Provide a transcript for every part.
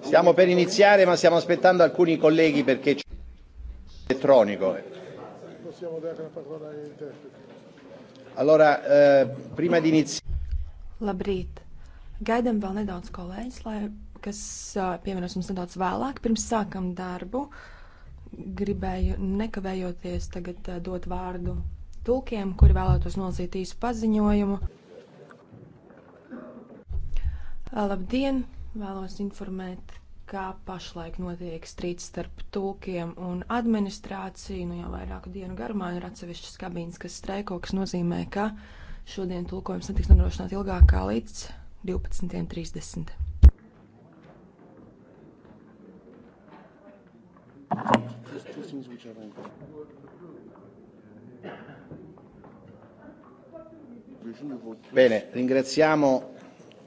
Stiamo per iniziare, ma stiamo aspettando alcuni colleghi perché c'è elettronico. Allora, eh, prima di iniziare. Labrīt. Gaidām vēl nedaudz kolēģis, lai, kas eh, pievienojas mums nedaudz vēlāk. Pirms sākam darbu, gribēju nekavējoties tagad eh, dot vārdu tulkiem, kuri vēlētos nolasīt īsu paziņojumu. Labdien! Vēlos informēt, kā pašlaik notiek strīds starp tulkiem un administrāciju. Nu, jau vairāku dienu garumā ir atsevišķas kabīnes, kas streiko, kas nozīmē, ka šodien tulkojums netiks nodrošināt ilgāk kā līdz 12.30. There's two things which are in Bene, ringraziamo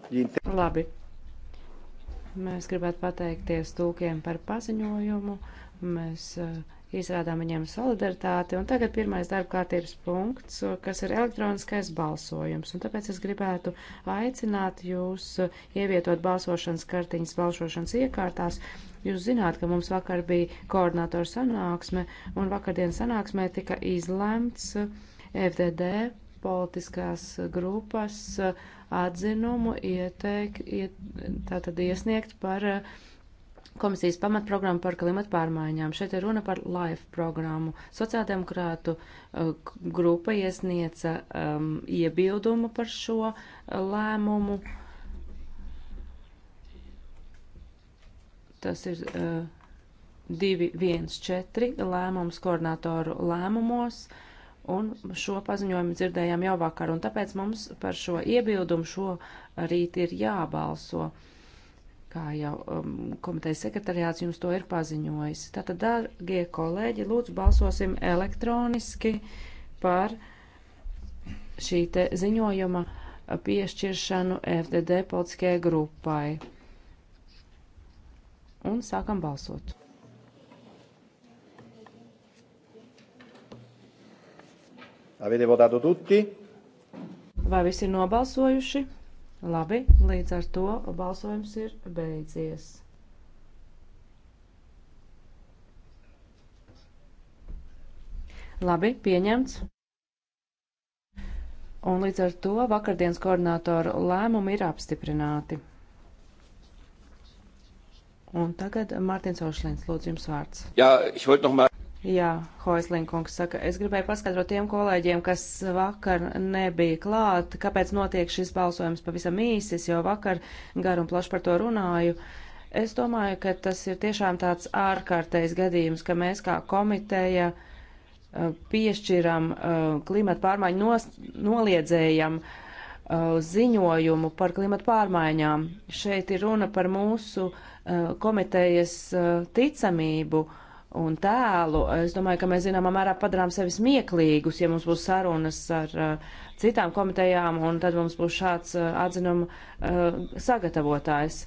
gli inter... Labi, Mēs gribētu pateikties tūkiem par paziņojumu. Mēs eh, izrādām viņiem solidaritāti. Un tagad pirmais darba kārtības punkts, kas ir elektroniskais balsojums. Un tāpēc es gribētu aicināt jūs eh, ievietot balsošanas kartiņas balsošanas iekārtās. Jūs zināt, ka mums vakar bija koordinātora sanāksme, un vakardienas sanāksmē tika izlemts eh, FDD politiskās grupas uh, atzinumu ieteik, iet, tātad iesniegt par uh, komisijas pamatprogrammu par klimatu pārmaiņām. Šeit ir runa par LIFE programmu. Sociāldemokrātu uh, grupa iesniedza um, iebildumu par šo lēmumu. Tas ir uh, 214 lēmums koordinatoru lēmumos. Uh, Un šo paziņojumu dzirdējām jau vakar, un tāpēc mums par šo iebildumu šo rīt ir jābalso, kā jau um, komitejas sekretariāts jums to ir paziņojis. Tātad, dārgie kolēģi, lūdzu balsosim elektroniski par šī te ziņojuma piešķiršanu FDD politiskajai grupai. Un sākam balsot. Avete votato tutti? Vai visi ir nobalsojuši? Labi, līdz ar to balsojums ir beidzies. Labi, pieņemts. Un līdz ar to vakardienas koordinātoru lēmumi ir apstiprināti. Un tagad Mārtiņš Ošlīns, lūdzu, jums vārds. Jā, ja, es vēl nomēr. Jā, Hoislinkungs saka, es gribēju paskaidrot tiem kolēģiem, kas vakar nebija klāt, kāpēc notiek šis balsojums pavisam īsis, jo vakar gar un plaši par to runāju. Es domāju, ka tas ir tiešām tāds ārkārtējs gadījums, ka mēs kā komiteja uh, piešķiram uh, klimata pārmaiņu nos, noliedzējam uh, ziņojumu par klimatu pārmaiņām. Šeit ir runa par mūsu komitejas ticamību. Uh, un tēlu. Es domāju, ka mēs zināmā mērā padarām sevi smieklīgus, ja mums būs sarunas ar uh, citām komitejām, un tad mums būs šāds uh, atzinuma uh, sagatavotājs.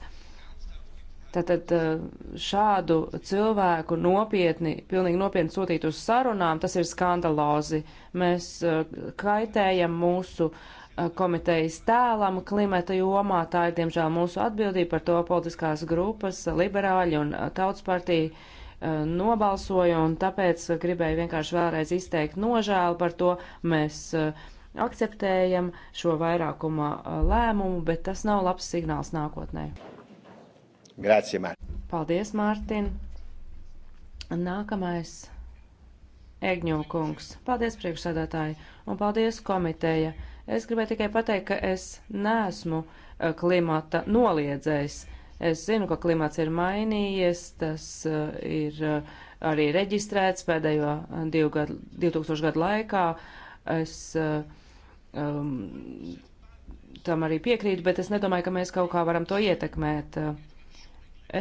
Tātad uh, šādu cilvēku nopietni, pilnīgi nopietni sūtīt uz sarunām, tas ir skandalozi. Mēs uh, kaitējam mūsu uh, komitejas tēlam klimata jomā. Tā ir, diemžēl, mūsu atbildība par to politiskās grupas, liberāļi un tautas partija Eh, nobalsoja, un tāpēc eh, gribēju vienkārši vēlreiz izteikt nožēlu par to. Mēs eh, akceptējam šo vairākuma lēmumu, bet tas nav labs signāls nākotnē. Grācie, Mārtiņ. Paldies, Mārtiņ. Nākamais. Egņokungs. Paldies, priekšsādātāji, un paldies, komiteja. Es gribēju tikai pateikt, ka es neesmu klimata noliedzējs. Es zinu, ka klimats ir mainījies, tas uh, ir uh, arī reģistrēts pēdējo uh, divu gadu, 2000 gadu laikā. Es uh, um, tam arī piekrītu, bet es nedomāju, ka mēs kaut kā varam to ietekmēt.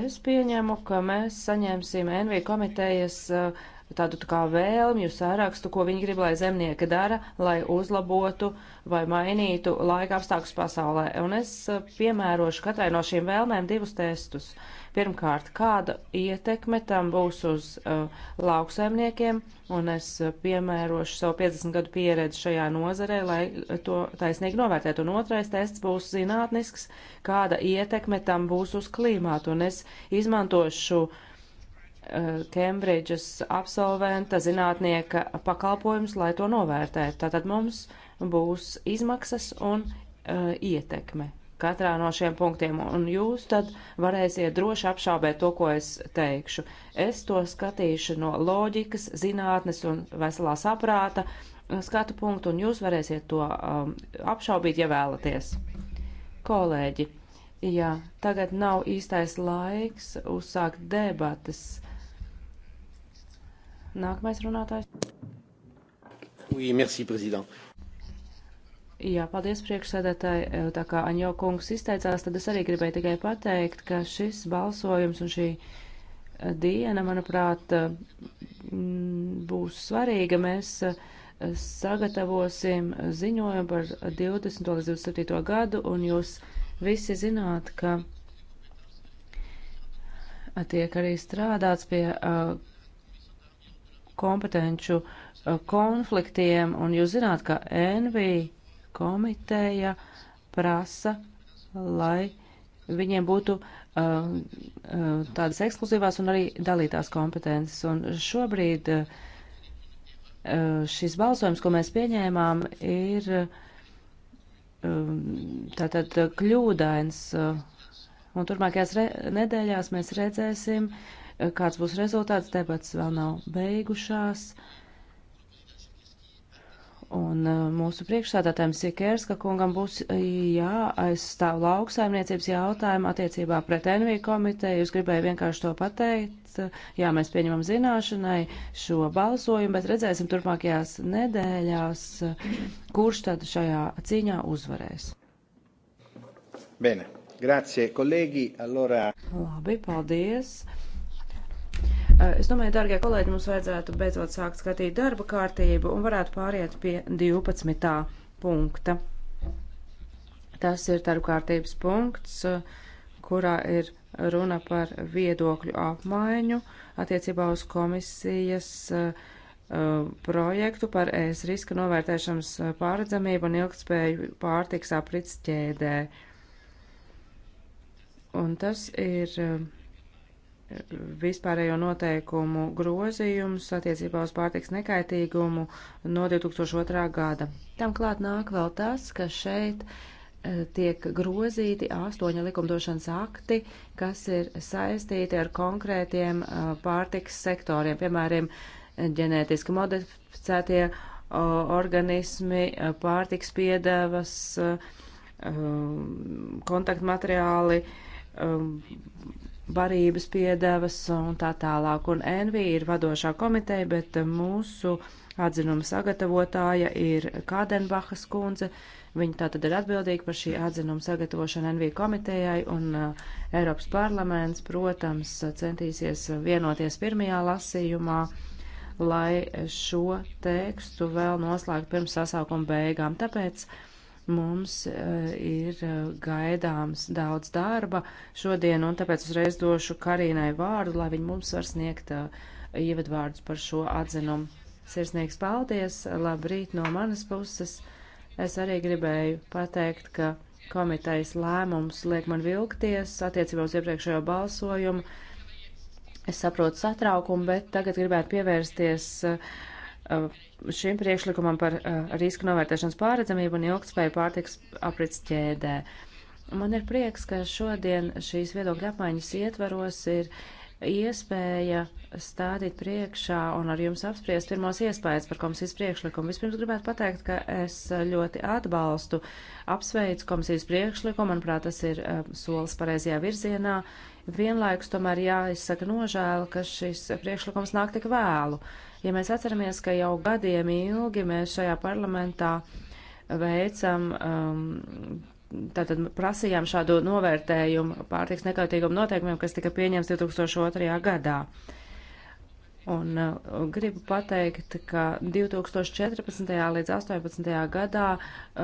Es pieņemu, ka mēs saņemsim NV komitejas uh, tādu tā kā vēlmju sārakstu, ko viņi grib, lai zemnieki dara, lai uzlabotu vai mainītu laika apstākļus pasaulē. Un es eh, piemērošu katrai no šīm vēlmēm divus testus. Pirmkārt, kāda ietekme tam būs uz uh, lauksaimniekiem, un es eh, piemērošu savu 50 gadu pieredzi šajā nozarē, lai to taisnīgi novērtētu. Un otrais tests būs zinātnisks, kāda ietekme tam būs uz klimātu, un es izmantošu uh, Kembridžas absolventa zinātnieka pakalpojumus, lai to novērtētu. Tātad mums būs izmaksas un uh, ietekme katrā no šiem punktiem, un jūs tad varēsiet droši apšaubēt to, ko es teikšu. Es to skatīšu no loģikas, zinātnes un veselā saprāta eh, skatu punktu, un jūs varēsiet to um, apšaubīt, ja vēlaties. Kolēģi, jā, tagad nav īstais laiks uzsākt debatas Nākamais runātājs. Oui, merci, prezident. Jā, paldies priekšsēdētāji. Tā kā Aņo kungs izteicās, tad es arī gribēju tikai pateikt, ka šis balsojums un šī eh, diena, manuprāt, eh, būs svarīga. Mēs eh, sagatavosim ziņojumu par 20. līdz 27. gadu, un jūs visi zināt, ka tiek arī strādāts pie uh, kompetenču uh, konfliktiem, un jūs zināt, ka NV komiteja prasa, lai viņiem būtu uh, uh, tādas ekskluzīvās un arī dalītās kompetences. Un šobrīd uh, uh šis balsojums, ko mēs pieņēmām, ir uh, um, tātad kļūdains. Un turpmākajās nedēļās mēs redzēsim, uh, Eh, kāds būs rezultāts, debats vēl nav beigušās. Un eh, mūsu priekšsādātājiem Sikērska kungam būs eh, jāaizstāv lauksaimniecības jautājumu attiecībā pret NV komiteju. Es gribēju vienkārši to pateikt. Jā, mēs pieņemam zināšanai šo balsojumu, bet redzēsim turpmākajās nedēļās, kurš tad šajā cīņā uzvarēs. Bene. Grazie, kolēģi. Allora... Labi, paldies. Eh, es domāju, dārgie kolēģi, mums vajadzētu beidzot sākt skatīt darba kārtību un varētu pāriet pie 12. punkta. Tas ir darba kārtības punkts, eh, kurā ir runa par viedokļu apmaiņu attiecībā uz komisijas uh, projektu par ēs riska novērtēšanas pārredzamību un ilgtspēju pārtiks aprits ķēdē. Un tas ir uh, vispārējo noteikumu grozījums attiecībā uz pārtiks nekaitīgumu no 2002. gada. Tam klāt nāk vēl tas, ka šeit e, tiek grozīti astoņi likumdošanas akti, kas ir saistīti ar konkrētiem e, pārtiks sektoriem, piemēram, ģenētiski modificētie organismi, e, pārtiks piedevas, kontaktmateriāli, barības piedevas un tā tālāk. Un NV ir vadošā komiteja, bet mūsu atzinuma sagatavotāja ir Kādenbahas kundze. Viņa tātad ir atbildīga par šī atzinuma sagatavošanu NV komitejai, un uh, Eiropas parlaments, protams, centīsies vienoties pirmajā lasījumā, lai šo tekstu vēl noslēgtu pirms sasaukuma beigām. Tāpēc uh, Mums eh, ir eh, gaidāms daudz darba šodien, un tāpēc uzreiz došu Karīnai vārdu, lai viņa mums var sniegt eh, ievadvārdus par šo atzinumu. Sirsnīgs paldies, labrīt no manas puses. Es arī gribēju pateikt, ka komitejas lēmums liek man vilkties attiecībā uz iepriekšējo balsojumu. Es saprotu satraukumu, bet tagad gribētu pievērsties uh, Uh, šim priekšlikumam par uh, riska novērtēšanas pārredzamību un ilgspēju pārtiks aprits ķēdē. Man ir prieks, ka šodien šīs viedokļa apmaiņas ietvaros ir iespēja stādīt priekšā un ar jums apspriest pirmos iespējas par komisijas priekšlikumu. Vispirms gribētu pateikt, ka es ļoti atbalstu, apsveicu komisijas priekšlikumu, manuprāt, tas ir uh, solis pareizajā virzienā. Vienlaikus tomēr jāizsaka nožēla, ka šis priekšlikums nāk tik vēlu. Uh, Ja mēs atceramies, ka jau gadiem ilgi mēs šajā parlamentā veicam, um, tātad prasījām šādu novērtējumu pārtiks nekautīgumu noteikumiem, kas tika pieņems 2002. gadā. Un uh, gribu pateikt, ka 2014. līdz 2018. gadā uh,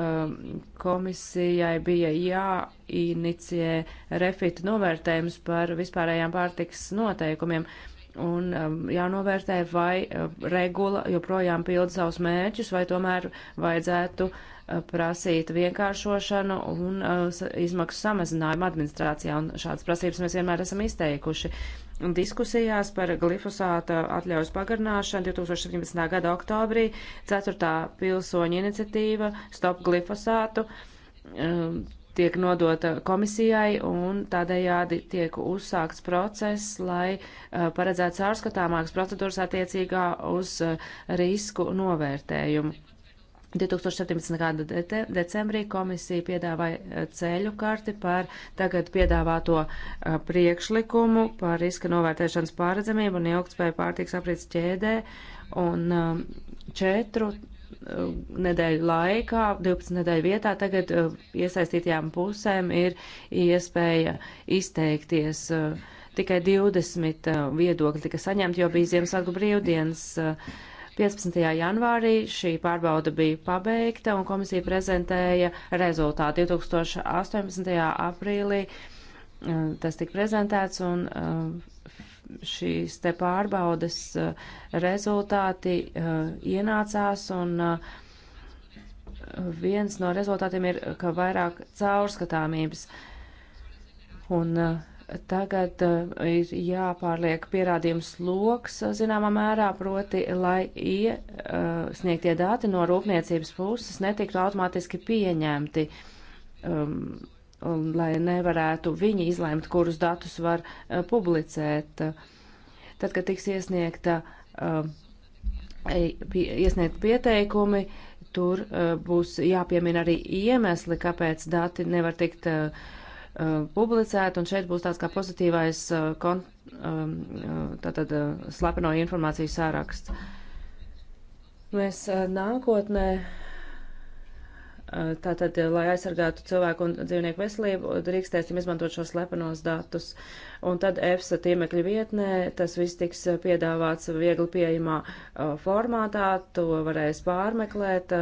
komisijai bija jāinicijē refita novērtējums par vispārējām pārtiks noteikumiem. Uh, un um, jānovērtē, vai uh, regula joprojām pilda savus mērķus, vai tomēr vajadzētu uh, prasīt vienkāršošanu un uh, izmaksu samazinājumu administrācijā, un šādas prasības mēs vienmēr esam izteikuši. Diskusijās par glifosāta atļaujas pagarināšanu 2017. gada oktobrī 4. pilsoņa iniciatīva Stop glifosātu. Uh, tiek nodota komisijai un tādējādi tiek uzsākts process, lai uh, paredzētu caurskatāmākas procedūras attiecīgā uz uh, risku novērtējumu. 2017. gada de decembrī komisija piedāvāja uh, ceļu karti par tagad piedāvāto uh, priekšlikumu par riska novērtēšanas pārredzamību un ilgtspēju pārtiks aprīts ķēdē un um, četru Eh, nedēļu laikā, 12 nedēļu vietā, tagad eh, iesaistītajām pusēm ir iespēja izteikties. Eh, tikai 20 viedokļi tika saņemti, jo bija Ziemassvētku brīvdienas. 15. janvārī šī pārbauda bija pabeigta un komisija prezentēja rezultātu 2018. aprīlī. Tas tika prezentēts un šīs te pārbaudas eh, rezultāti eh, ienācās un eh, viens no rezultātiem ir, ka vairāk caurskatāmības. Un tagad ir jāpārliek pierādījums loks, zināmā mērā, proti, lai iesniegtie dati no rūpniecības puses netiktu automātiski pieņemti. Um, lai nevarētu viņi izlēmt, kurus datus var uh, publicēt. Tad, kad tiks iesniegta, uh, iesniegt pieteikumi, tur uh, būs jāpiemina arī iemesli, kāpēc dati nevar tikt publicēt, un šeit būs tāds kā pozitīvais kon, tātad slepeno informāciju sāraksts. Mēs nākotnē Tātad, lai aizsargātu cilvēku un dzīvnieku veselību, drīkstēsim izmantot šos slepenos datus. Un tad EFSA tiemekļa vietnē tas viss tiks piedāvāts viegli pieejamā formātā, to varēs pārmeklēt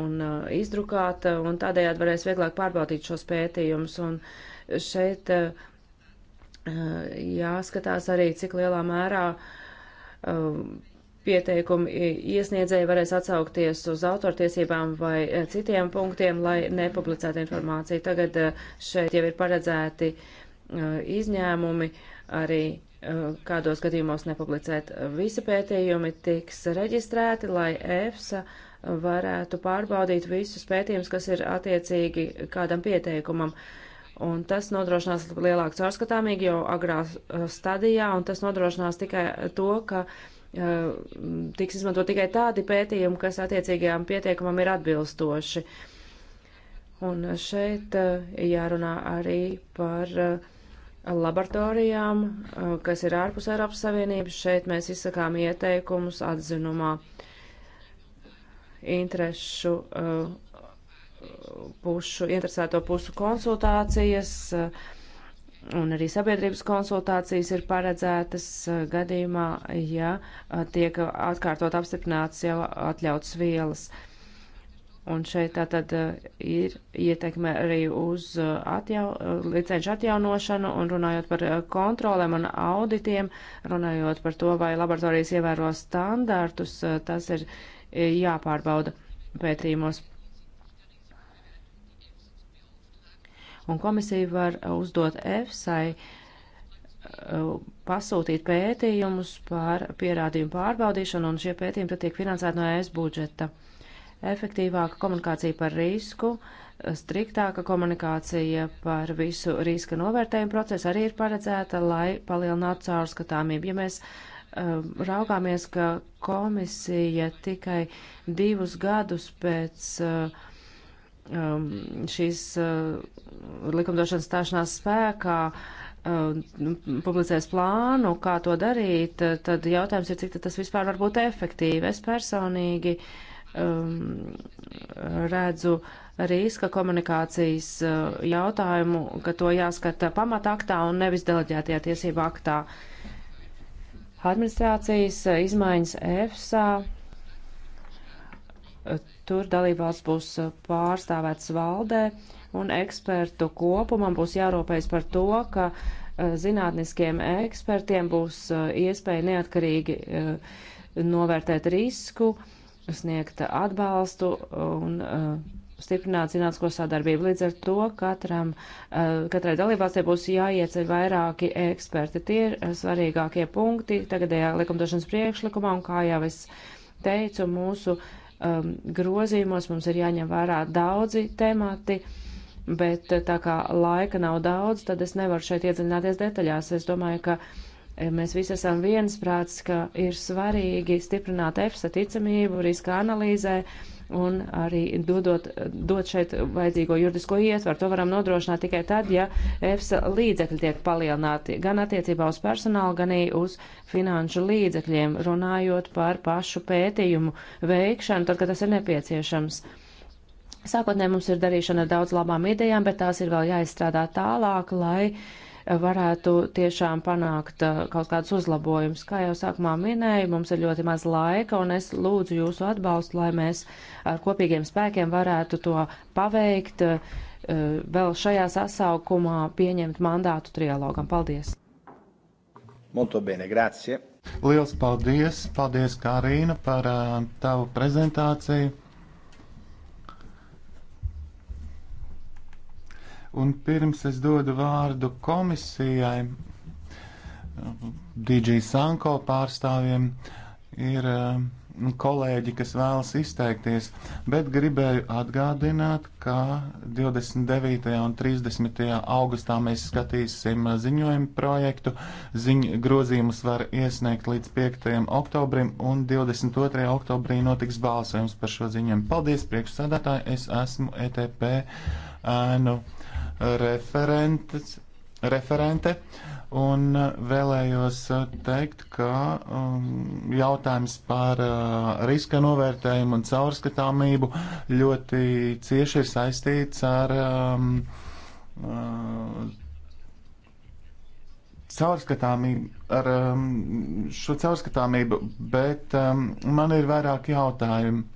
un izdrukāt, un tādējādi varēs vieglāk pārbaudīt šos pētījumus. Un šeit jāskatās arī, cik lielā mērā pieteikumi iesniedzēji varēs atsaukties uz autortiesībām vai e, citiem punktiem, lai nepublicētu informāciju. Tagad e, šeit jau ir paredzēti e, izņēmumi arī kādos gadījumos nepublicēt. Visi pētījumi tiks reģistrēti, lai EFSA varētu pārbaudīt visus pētījumus, kas ir attiecīgi kādam pieteikumam. Un tas nodrošinās lielāku caurskatāmību jau agrā stadijā, un tas nodrošinās tikai to, ka uh, Eh, tiks izmantot tikai tādi pētījumi, kas attiecīgajām pieteikumam ir atbilstoši. Un šeit eh, jārunā arī par eh, laboratorijām, kas ir ārpus Eiropas Savienības. Šeit mēs izsakām ieteikumus atzinumā interešu pušu, interesēto pušu konsultācijas, uh, Un arī sabiedrības konsultācijas ir paredzētas eh, gadījumā, ja eh, tiek atkārtot apstiprināts jau atļauts vielas. Un šeit tā tad eh, ir ietekme arī uz atjau, licenču atjaunošanu un runājot par kontrolēm un auditiem, runājot par to, vai laboratorijas ievēro standārtus, tas ir jāpārbauda pētījumos. un komisija var uzdot EFSAI uh, pasūtīt pētījumus par pierādījumu pārbaudīšanu, un šie pētījumi tad tiek finansēti no ES budžeta. Efektīvāka komunikācija par risku, striktāka komunikācija par visu riska novērtējumu procesu arī ir paredzēta, lai palielinātu caurskatāmību. Ja mēs uh, raugāmies, ka komisija tikai divus gadus pēc uh, um, šīs uh, likumdošanas stāšanās spēkā uh, publicēs plānu, kā to darīt, uh, tad jautājums ir, cik tas vispār var būt efektīvi. Es personīgi um, redzu riska komunikācijas uh, jautājumu, ka to jāskata pamataktā un nevis deleģētajā tiesība aktā. Administrācijas uh, izmaiņas EFSA Tur dalībvalsts būs uh, pārstāvēts valdē un ekspertu kopumam būs jārūpējas par to, ka uh, zinātniskiem ekspertiem būs uh, iespēja neatkarīgi novērtēt risku, sniegt atbalstu un stiprināt zinātnisko sadarbību. Līdz ar to katram, katrai dalībvalstī būs jāieceļ vairāki eksperti. Tie ir svarīgākie punkti tagadējā likumdošanas priekšlikumā, un kā jau es teicu, mūsu uh, um, grozījumos mums ir jāņem vērā daudzi temati, bet uh, tā kā laika nav daudz, tad es nevaru šeit iedziļināties detaļās. Es domāju, ka eh, mēs visi esam viensprāts, ka ir svarīgi stiprināt EFSA ticamību riska analīzē. Uh, un arī dodot, dot šeit vajadzīgo juridisko ietvaru. To varam nodrošināt tikai tad, ja EFSA līdzekļi tiek palielināti gan attiecībā uz personālu, gan arī uz finanšu līdzekļiem, runājot par pašu pētījumu veikšanu, tad, kad tas ir nepieciešams. Sākotnē mums ir darīšana ar daudz labām idejām, bet tās ir vēl jāizstrādā tālāk, lai uh, varētu tiešām panākt uh, kaut kādus uzlabojumus. Kā jau sākumā minēju, mums ir ļoti maz laika, un es lūdzu jūsu atbalstu, lai mēs ar kopīgiem spēkiem varētu to paveikt, uh, vēl šajā sasaukumā pieņemt mandātu trialogam. Paldies! Molto bene, grazie! Liels paldies! Paldies, Kārīna, par uh, tavu prezentāciju! Un pirms es dodu vārdu komisijai, DJ Sanko pārstāvjiem, ir um, kolēģi, kas vēlas izteikties, bet gribēju atgādināt, ka 29. un 30. augustā mēs skatīsim ziņojumu projektu. Ziņ, grozījumus var iesniegt līdz 5. oktobrim, un 22. oktobrī notiks balsojums par šo ziņojumu. Paldies, priekšsādātāji! Es esmu ETP ēnu. Uh, referentes, referente, un vēlējos teikt, ka um, jautājums par uh, riska novērtējumu un caurskatāmību ļoti cieši ir saistīts ar um, uh, caurskatāmību, ar um, šo caurskatāmību, bet um, man ir vairāk jautājumu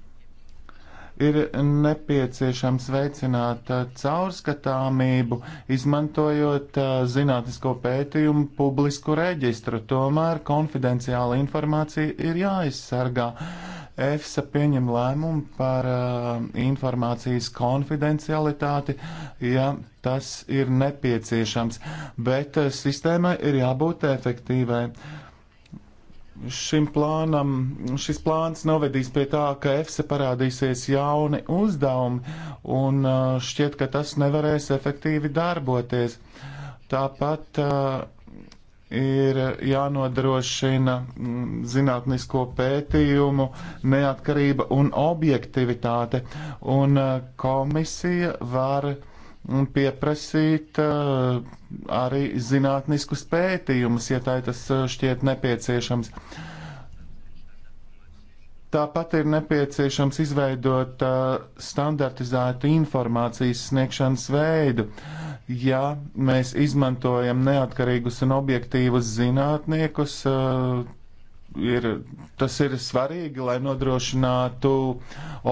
ir nepieciešams veicināt uh, caurskatāmību, izmantojot uh, zinātnisko pētījumu publisku reģistru. Tomēr konfidenciāla informācija ir jāizsargā. EFSA pieņem lēmumu par uh, informācijas konfidencialitāti, ja tas ir nepieciešams, bet uh, sistēmai ir jābūt efektīvai. Uh, šim plānam, šis plāns novedīs pie tā, ka EFSA parādīsies jauni uzdevumi un šķiet, ka tas nevarēs efektīvi darboties. Tāpat ir jānodrošina zinātnisko pētījumu neatkarība un objektivitāte, un komisija var un pieprasīt uh, arī zinātniskus pētījumus, ja tā tas uh, šķiet nepieciešams. Tāpat ir nepieciešams izveidot uh, standartizētu informācijas sniegšanas veidu. Ja mēs izmantojam neatkarīgus un objektīvus zinātniekus, uh, ir, tas ir svarīgi, lai nodrošinātu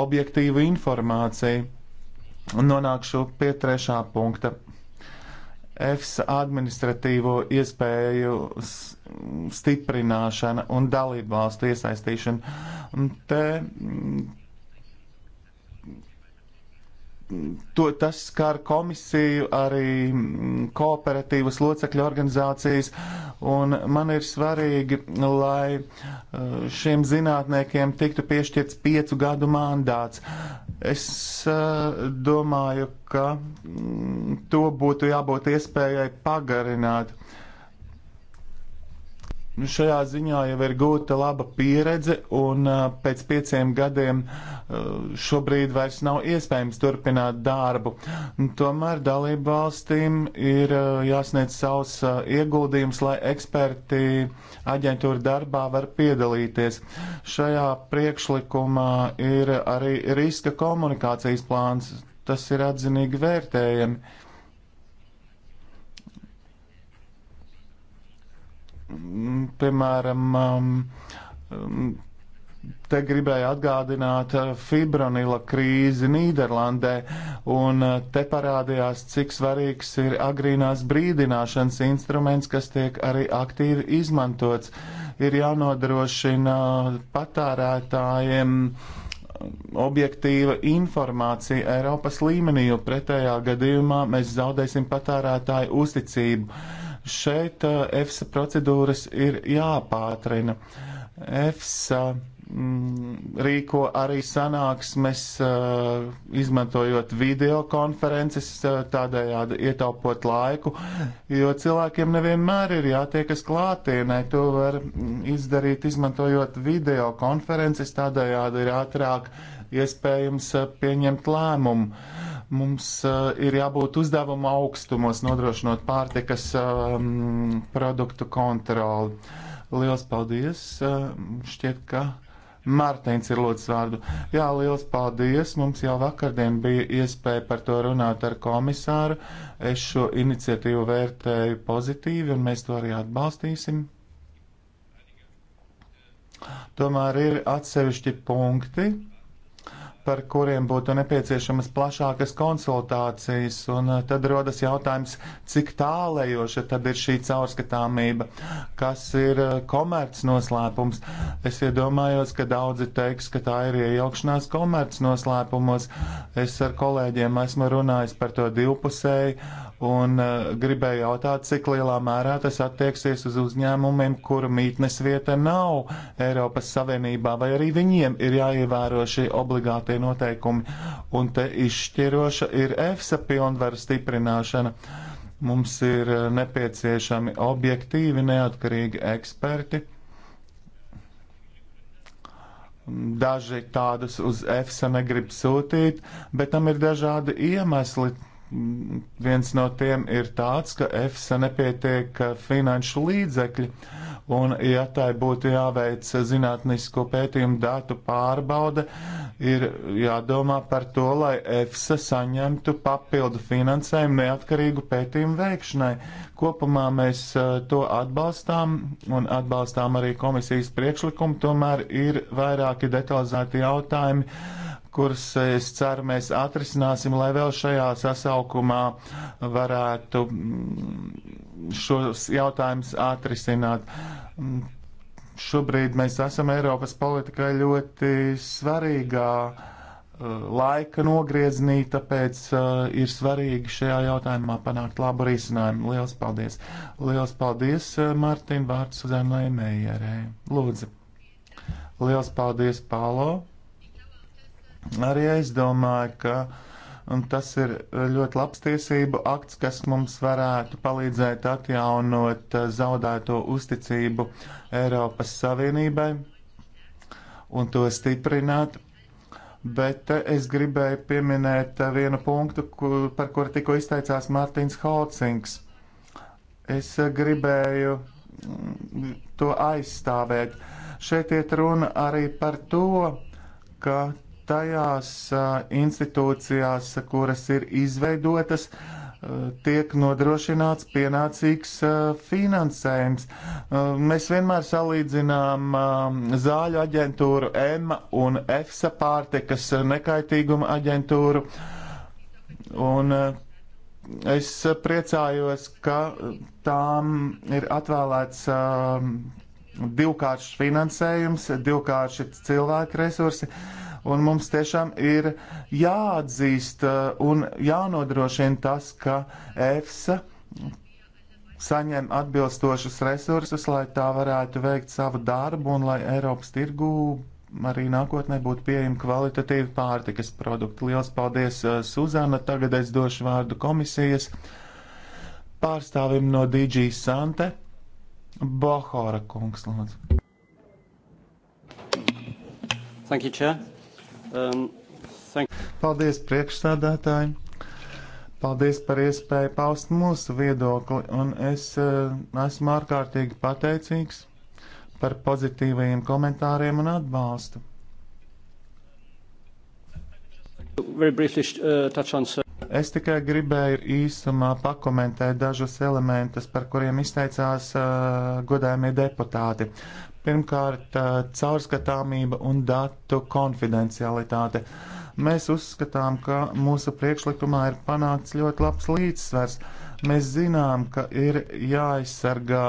objektīvu informāciju Un nonākšu pie trešā punkta. EFSA administratīvo iespēju stiprināšana un dalību valstu iesaistīšana. Un te to, tas skar komisiju, arī mm, kooperatīvas locekļu organizācijas, un man ir svarīgi, lai uh, šiem zinātniekiem tiktu piešķirts piecu gadu mandāts. Es uh, domāju, ka mm, to būtu jābūt iespējai pagarināt. Uh, Nu, šajā ziņā jau ir gūta laba pieredze, un uh, pēc pieciem gadiem uh, šobrīd vairs nav iespējams turpināt darbu. Tomēr dalību valstīm ir uh, jāsniedz savs ieguldījums, lai eksperti aģentūra darbā var piedalīties. Šajā priekšlikumā ir arī riska komunikācijas plāns. Tas ir atzinīgi vērtējami Mm, piemēram, um, um, te gribēju atgādināt uh, fibronila krīzi Nīderlandē, un uh, te parādījās, cik svarīgs ir agrīnās brīdināšanas instruments, kas tiek arī aktīvi izmantots. Ir jānodrošina patērētājiem um, objektīva informācija Eiropas līmenī, jo pretējā gadījumā mēs zaudēsim patērētāju uzticību Šeit uh, EFSA procedūras ir jāpātrina. EFSA mm, rīko arī sanāksmes, uh, izmantojot video konferences, uh, tādējādi ietaupot laiku, jo cilvēkiem nevienmēr ir jātiekas klātienē. To var mm, izdarīt, izmantojot video konferences, tādējādi ir ātrāk iespējams pieņemt lēmumu. Mums uh, ir jābūt uzdevuma augstumos, nodrošinot pārtikas um, produktu kontroli. Lielas paldies! Uh, šķiet, ka Mārtiņš ir lūdzis vārdu. Jā, liels paldies! Mums jau vakardien bija iespēja par to runāt ar komisāru. Es šo iniciatīvu vērtēju pozitīvi, un mēs to arī atbalstīsim. Tomēr ir atsevišķi punkti, par kuriem būtu nepieciešamas plašākas konsultācijas, un eh, tad rodas jautājums, cik tālējoša tad ir šī caurskatāmība, kas ir eh, komerc noslēpums. Es iedomājos, ka daudzi teiks, ka tā ir iejaukšanās komerc noslēpumos. Es ar kolēģiem esmu runājis par to divpusēji un uh, gribēju jautāt, cik lielā mērā tas attieksies uz uzņēmumiem, kuru mītnes vieta nav Eiropas Savienībā, vai arī viņiem ir jāievēro šie obligātie noteikumi, un te izšķiroša ir EFSA pilnvaru stiprināšana. Mums ir uh, nepieciešami objektīvi, neatkarīgi eksperti. Daži tādus uz EFSA negrib sūtīt, bet tam ir dažādi iemesli Viens no tiem ir tāds, ka EFSA nepietiek finanšu līdzekļi, un, ja tai būtu jāveic zinātnisko pētījumu datu pārbaude, ir jādomā par to, lai EFSA saņemtu papildu finansējumu neatkarīgu pētījumu veikšanai. Kopumā mēs e, to atbalstām un atbalstām arī komisijas priekšlikumu, tomēr ir vairāki detalizēti jautājumi kuras, eh, es ceru, mēs atrisināsim, lai vēl šajā sasaukumā varētu mm, šos jautājumus atrisināt. Mm, šobrīd mēs esam Eiropas politikai ļoti svarīgā eh, laika nogriezienī, tāpēc uh, ir svarīgi šajā jautājumā panākt labu risinājumu. Lielas paldies! Lielas paldies, Mārtiņ, vārds Suzanai Meijerē. Lūdzu! Lielas paldies, Pālo! Arī es domāju, ka tas ir ļoti labs tiesību akts, kas mums varētu palīdzēt atjaunot eh, zaudēto uzticību Eiropas Savienībai un to stiprināt. Bet eh, es gribēju pieminēt eh, vienu punktu, kur, par kuru tikko izteicās Mārtiņš Holcings. Es gribēju mm, to aizstāvēt. Šeit iet runa arī par to, ka tajās institūcijās, kuras ir izveidotas, tiek nodrošināts pienācīgs finansējums. Mēs vienmēr salīdzinām zāļu aģentūru EMA un EFSA pārtikas nekaitīguma aģentūru. Un es priecājos, ka tām ir atvēlēts divkāršs finansējums, divkārši cilvēku resursi. Uh, Un mums tiešām ir jāatzīst uh, un jānodrošina tas, ka EFSA saņem atbilstošus resursus, lai tā varētu veikt savu darbu un lai Eiropas tirgū arī nākotnē būtu pieejama kvalitatīva pārtikas produkta. Lielas paldies, uh, Suzana! Tagad es došu vārdu komisijas pārstāvim no DG Sante, Bohora kungs, lūdzu. Thank you, Chair. Um, Paldies priekšsādātājiem! Paldies par iespēju paust mūsu viedokli, un es uh, esmu ārkārtīgi pateicīgs par pozitīvajiem komentāriem un atbalstu. Briefly, uh, on, es tikai gribēju īsumā pakomentēt dažus elementus, par kuriem izteicās uh, godājumie deputāti. Pirmkārt, caurskatāmība un datu konfidencialitāte. Mēs uzskatām, ka mūsu priekšlikumā ir panākts ļoti labs līdzsvars. Mēs zinām, ka ir jāaizsargā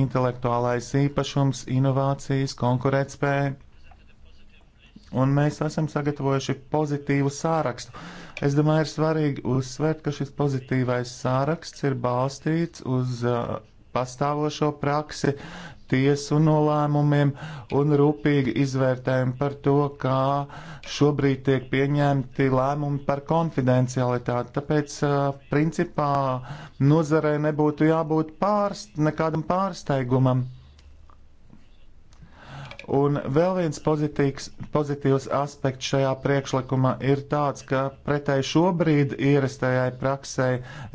intelektuālais īpašums, inovācijas, konkurētspēja, un mēs esam sagatavojuši pozitīvu sārakstu. Es domāju, ir svarīgi uzsvērt, ka šis pozitīvais sāraksts ir balstīts uz uh, pastāvošo praksi, tiesu nolēmumiem un rūpīgi izvērtējumu par to, kā šobrīd tiek pieņemti lēmumi par konfidencialitāti. Tāpēc, principā, nozarē nebūtu jābūt pārst, nekādam pārsteigumam. Un vēl viens pozitīvs, pozitīvs aspekts šajā priekšlikumā ir tāds, ka pretēji šobrīd ierastajai praksē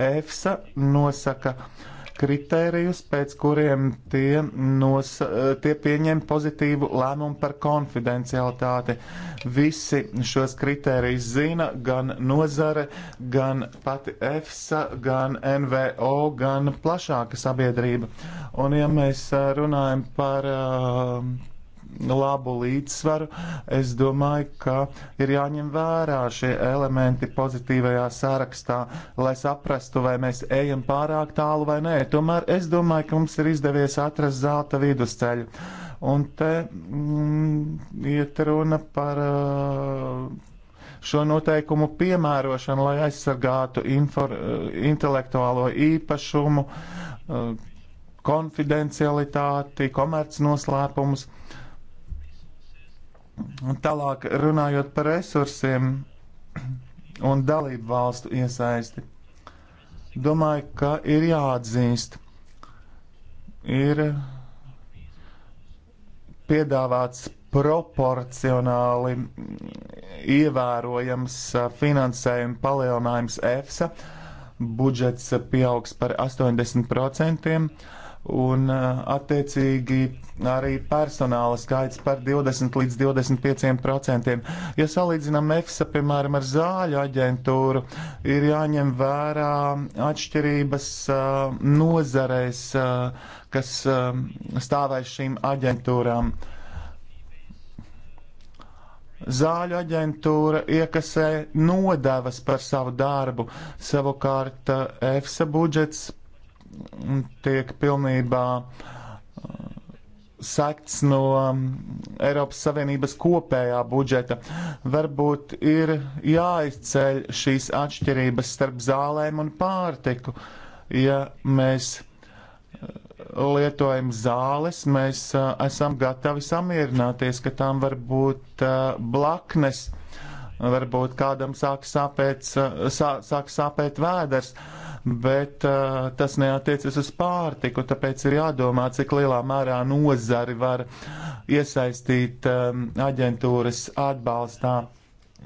EFSA nosaka uh, kritērijus, pēc kuriem tie, nos, tie pieņem pozitīvu lēmumu par konfidencialitāti. Visi šos kritērijus zina gan nozare, gan pati EFSA, gan NVO, gan plašāka sabiedrība. Un ja mēs runājam par uh, labu līdzsvaru, es domāju, ka ir jāņem vērā šie elementi pozitīvajā sarakstā, lai saprastu, vai mēs ejam pārāk tālu vai nē. Tomēr es domāju, ka mums ir izdevies atrast zelta vidusceļu. Un te mm, iet runa par uh, šo noteikumu piemērošanu, lai aizsargātu infor, uh, intelektuālo īpašumu, uh, konfidencialitāti, komercnoslēpumus. Uh, Tālāk runājot par resursiem un dalību valstu iesaisti, domāju, ka ir jāatzīst, ir piedāvāts proporcionāli ievērojams finansējuma palielinājums EFSA. Budžets pieaugs par 80% un uh, attiecīgi arī personāla skaits par 20 līdz 25 procentiem. Ja salīdzinām EFSA, piemēram, ar zāļu aģentūru, ir jāņem vērā atšķirības uh, nozarēs, uh, kas uh, stāvēs šīm aģentūrām. Zāļu aģentūra iekasē nodevas par savu darbu, savukārt EFSA uh, budžets tiek pilnībā uh, sekts no um, Eiropas Savienības kopējā budžeta. Varbūt ir jāizceļ šīs atšķirības starp zālēm un pārtiku. Ja mēs uh, lietojam zāles, mēs uh, esam gatavi samierināties, ka tām var būt uh, blaknes, varbūt kādam sāk sāpēt, uh, sā, sāk sāpēt vēders. Uh, bet uh, tas neatiecas uz pārtiku, tāpēc ir jādomā, cik lielā mērā nozari var iesaistīt um, aģentūras atbalstā.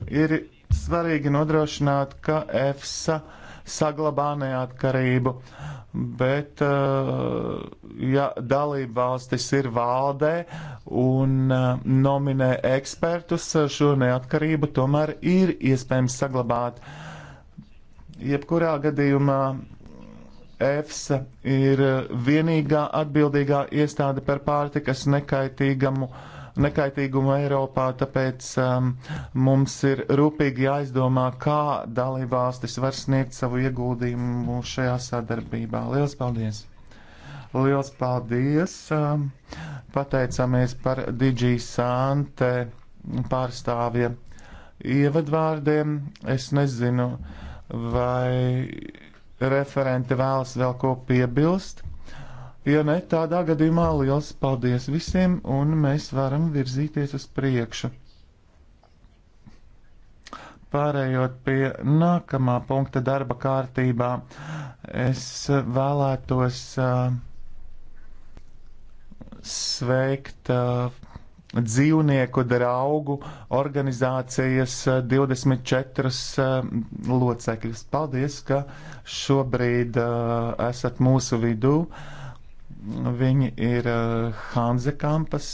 Ir svarīgi nodrošināt, ka EFSA saglabā neatkarību, bet uh, ja dalība valstis ir valdē un uh, nominē ekspertus, šo neatkarību tomēr ir iespējams saglabāt. Uh, Jebkurā gadījumā EFSA ir vienīgā atbildīgā iestāde par pārtikas nekaitīgumu, nekaitīgumu Eiropā, tāpēc um, mums ir rūpīgi jāizdomā, kā dalībvalstis var sniegt savu ieguldījumu šajā sadarbībā. Lielas paldies! Lielas paldies! Um, pateicamies par Digi Sante pārstāvja ievadvārdiem. Es nezinu. Uh, Vai referente vēlas vēl ko piebilst? Ja ne, tādā gadījumā liels paldies visiem, un mēs varam virzīties uz priekšu. Pārējot pie nākamā punkta darba kārtībā, es vēlētos uh, sveikt uh, dzīvnieku draugu organizācijas 24 eh, eh, locekļus. Paldies, ka šobrīd eh, esat mūsu vidū. Viņi ir Hanze Kampas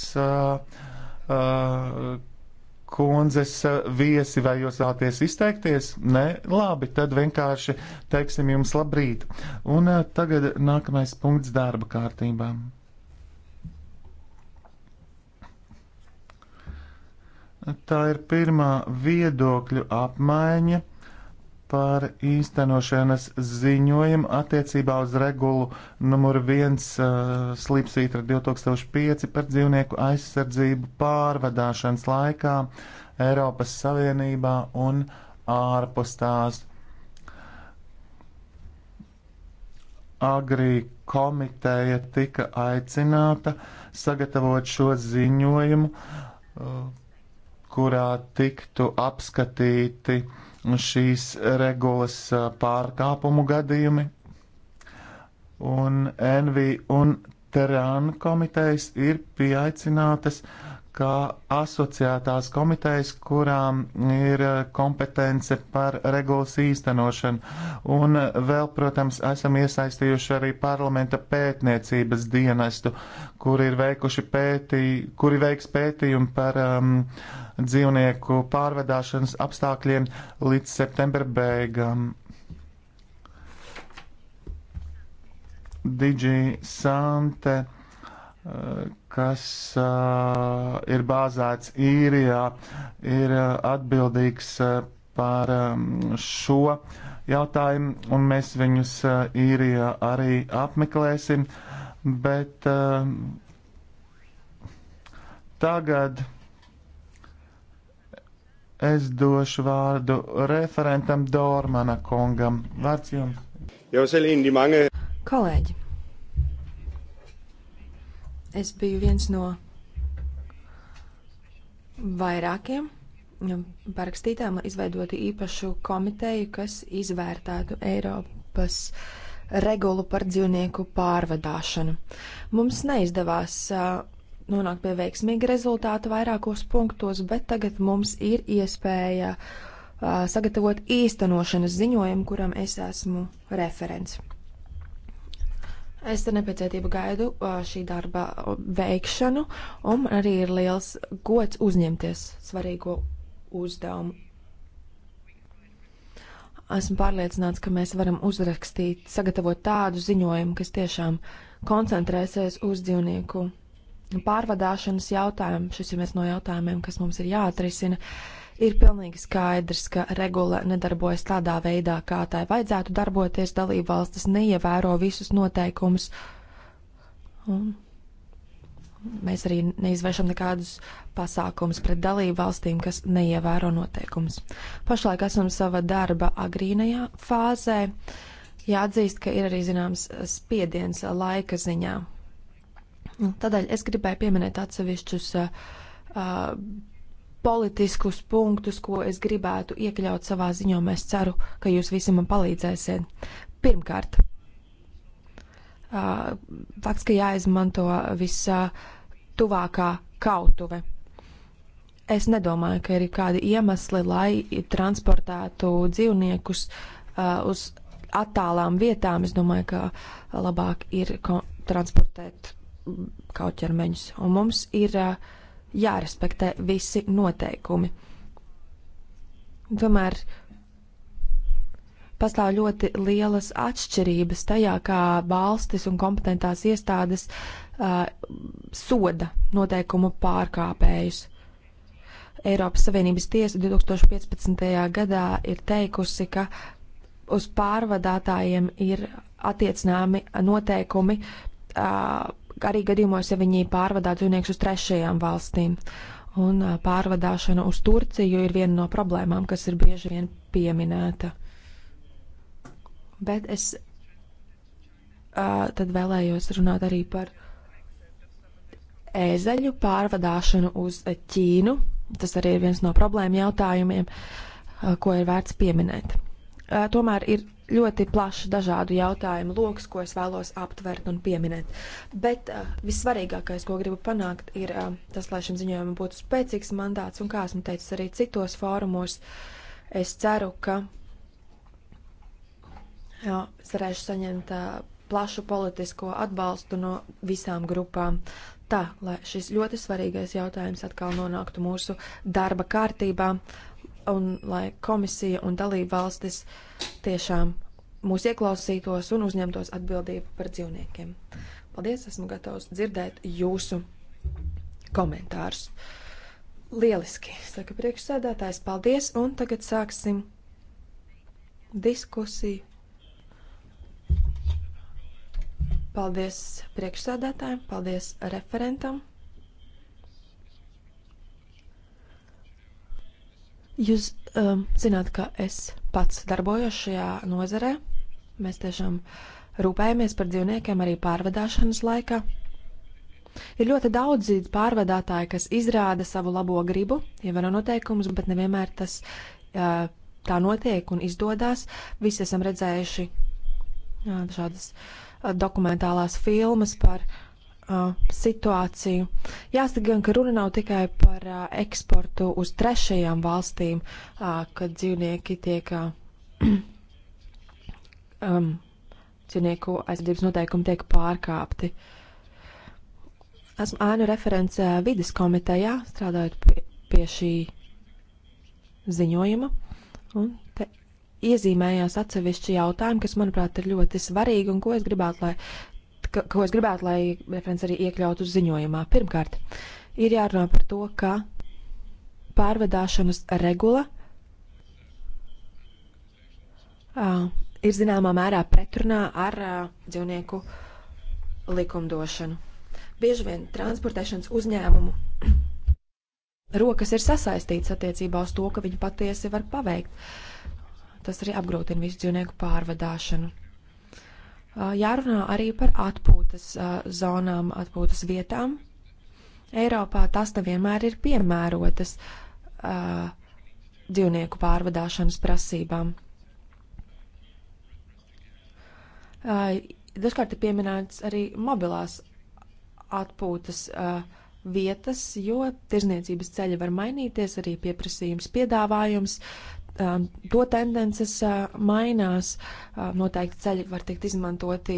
kundzes viesi, vai jūs vēlaties izteikties? Nē, labi, tad vienkārši teiksim jums labrīt. Un tagad nākamais punkts darba kārtībām. Tā ir pirmā viedokļu apmaiņa par īstenošanas ziņojumu attiecībā uz regulu numur 1 uh, slīpsītra 2005 par dzīvnieku aizsardzību pārvadāšanas laikā Eiropas Savienībā un ārpus tās. Agrī komiteja tika aicināta sagatavot šo ziņojumu. Uh, kurā tiktu apskatīti šīs regulas pārkāpumu gadījumi. Un NV un Terāna komitejas ir pieaicinātas kā asociētās komitejas, kurām ir eh, kompetence par regulas īstenošanu. Un eh, vēl, protams, esam iesaistījuši arī parlamenta pētniecības dienestu, kuri ir veikuši pētī, kuri veiks pētījumu par um, dzīvnieku pārvedāšanas apstākļiem līdz septembra beigām. Digi Sante eh, kas uh, ir bāzēts īrijā, ir uh, atbildīgs uh, par um, šo jautājumu, un mēs viņus uh, īrijā arī apmeklēsim. Bet uh, tagad es došu vārdu referentam Dormana kungam. Vārds jums! Kolēģi! Es biju viens no vairākiem parakstītām, izveidotu īpašu komiteju, kas izvērtētu Eiropas regulu par dzīvnieku pārvadāšanu. Mums neizdevās nonākt pie veiksmīga rezultāta vairākos punktos, bet tagad mums ir iespēja sagatavot īstenošanas ziņojumu, kuram es esmu referents. Es ar nepacietību gaidu uh, šī darba uh, veikšanu, un man arī ir liels gods uzņemties svarīgo uzdevumu. Esmu pārliecināts, ka mēs varam uzrakstīt, sagatavot tādu ziņojumu, kas tiešām koncentrēsies uz dzīvnieku pārvadāšanas jautājumu. Šis ir viens no jautājumiem, kas mums ir jāatrisina. Uh, Ir pilnīgi skaidrs, ka regula nedarbojas tādā veidā, kā tai vajadzētu darboties. Dalība valstis neievēro visus noteikumus. Un mēs arī neizvēršam nekādus pasākumus pret dalību valstīm, kas neievēro noteikumus. Pašlaik esam sava darba agrīnajā fāzē. Jāatzīst, ka ir arī zināms spiediens laika ziņā. Tādēļ es gribēju pieminēt atsevišķus uh, uh politiskus punktus, ko es gribētu iekļaut savā ziņā. Es ceru, ka jūs visi man palīdzēsiet. Pirmkārt, fakts, ka jāizmanto visā tuvākā kautuve. Es nedomāju, ka ir kādi iemesli, lai transportētu dzīvniekus uz attālām vietām. Es domāju, ka labāk ir transportēt kaut ķermeņus. Un mums ir uh, jārespektē visi noteikumi. Tomēr pastāv ļoti lielas atšķirības tajā, kā valstis un kompetentās iestādes uh, soda noteikumu pārkāpējus. Eiropas Savienības tiesa 2015. gadā ir teikusi, ka uz pārvadātājiem ir attiecināmi noteikumi uh, arī gadījumos, ja viņi pārvadā dzīvniekus uz trešajām valstīm. Un pārvadāšana uz Turciju ir viena no problēmām, kas ir bieži vien pieminēta. Bet es tad vēlējos runāt arī par ēzeļu pārvadāšanu uz Ķīnu. Tas arī ir viens no problēma jautājumiem, ko ir vērts pieminēt. Eh, tomēr ir ļoti plašs dažādu jautājumu lokus, ko es vēlos aptvert un pieminēt. Bet uh, vissvarīgākais, ko gribu panākt, ir uh, tas, lai šim ziņojumam būtu spēcīgs mandāts, un kā esmu teicis arī citos fórumos, es ceru, ka jā, es varēšu saņemt uh, plašu politisko atbalstu no visām grupām. Tā, lai šis ļoti svarīgais jautājums atkal nonāktu mūsu darba kārtībā. Uh, un lai komisija un dalība valstis tiešām mūs ieklausītos un uzņemtos atbildību par dzīvniekiem. Paldies, esmu gatavs dzirdēt jūsu komentārus. Lieliski, saka priekšsēdētājs, paldies, un tagad sāksim diskusiju. Paldies priekšsēdētājiem, paldies referentam. Jūs um, zināt, ka es pats darbojos šajā nozarē. Mēs tiešām rūpējamies par dzīvniekiem arī pārvadāšanas laikā. Ir ļoti daudz pārvadātāji, kas izrāda savu labo gribu, ievēro ja noteikumus, bet nevienmēr tas uh, tā notiek un izdodas. Visi esam redzējuši uh, šādas uh, dokumentālās filmas par uh, Uh, situāciju. Jāsaka gan, ka runa nav tikai par uh, eksportu uz trešajām valstīm, uh, kad dzīvnieki tiek, uh, um, dzīvnieku aizsardzības noteikumi tiek pārkāpti. Esmu ēnu referents uh, vides komitejā, strādājot pie, pie šī ziņojuma, un te iezīmējās atsevišķi jautājumi, kas, manuprāt, ir ļoti svarīgi un ko es gribētu, lai ka, ko es gribētu, lai referents arī iekļautu ziņojumā. Pirmkārt, ir jārunā par to, ka pārvedāšanas regula uh, ir zināmā mērā pretrunā ar uh, dzīvnieku likumdošanu. Bieži vien transportēšanas uzņēmumu rokas ir sasaistītas attiecībā uz to, ka viņi patiesi var paveikt. Tas arī apgrūtina visu dzīvnieku pārvedāšanu. Uh, jārunā arī par atpūtas uh, zonām, atpūtas vietām. Eiropā tas nevienmēr ir piemērotas uh, dzīvnieku pārvadāšanas prasībām. Uh, dažkārt ir pieminēts arī mobilās atpūtas uh, vietas, jo tirzniecības ceļi var mainīties, arī pieprasījums, piedāvājums, Um, to tendences uh, mainās. Um, noteikti ceļi var tikt izmantoti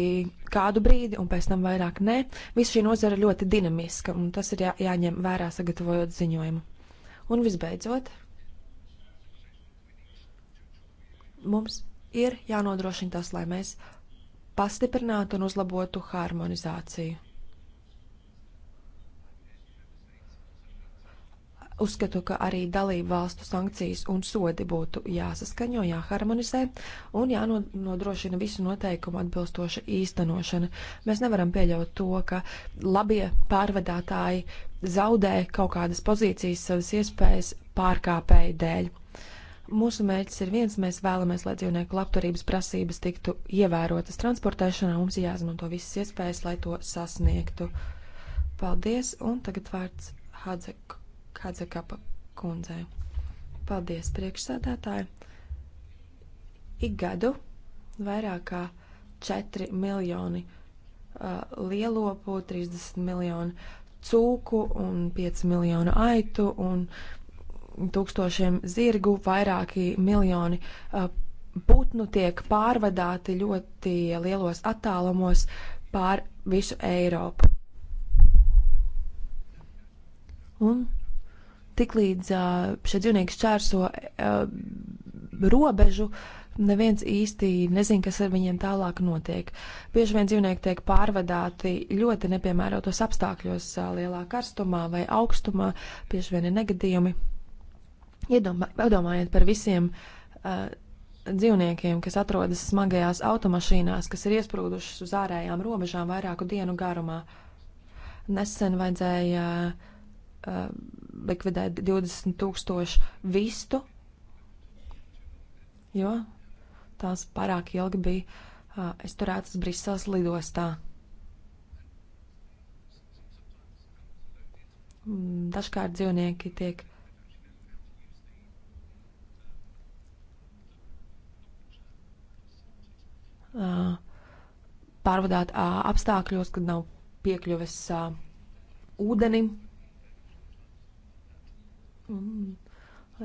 kādu brīdi, un pēc tam vairāk nē. Visa šī nozara ir ļoti dinamiska, un tas ir jā, jāņem vērā sagatavojot ziņojumu. Un visbeidzot, mums ir jānodrošina tas, lai mēs pastiprinātu un uzlabotu harmonizāciju. Uzskatu, ka arī dalību valstu sankcijas un sodi būtu jāsaskaņo, jāharmonizē un jānodrošina visu noteikumu atbilstoša īstenošana. Mēs nevaram pieļaut to, ka labie pārvadātāji zaudē kaut kādas pozīcijas savas iespējas pārkāpēju dēļ. Mūsu mērķis ir viens, mēs vēlamies, lai dzīvnieku labturības prasības tiktu ievērotas transportēšanā, mums jāizmanto visas iespējas, lai to sasniegtu. Paldies, un tagad vārds Hadzek Kadzakapa kundzei. Paldies, priekšsēdētāji! Ik gadu vairāk kā 4 miljoni uh, lielopu, 30 miljonu cūku un 5 miljonu aitu un tūkstošiem zirgu, vairāki miljoni uh, putnu tiek pārvadāti ļoti lielos attālumos pār visu Eiropu. Un tiklīdz šie dzīvnieki šķērso robežu, neviens īsti nezina, kas ar viņiem tālāk notiek. Bieži vien dzīvnieki tiek pārvadāti ļoti nepiemērotos apstākļos, lielā karstumā vai augstumā, bieži vien ir negadījumi. Iedomā, padomājiet par visiem uh, dzīvniekiem, kas atrodas smagajās automašīnās, kas ir iesprūdušas uz ārējām robežām vairāku dienu garumā. Nesen vajadzēja uh, uh, likvidēt 20 tūkstošu vistu, jo tās pārāk ilgi bija uh, aizturētas Briseles lidostā. Dažkārt dzīvnieki tiek uh, pārvadāt apstākļos, kad nav piekļuves ūdenim.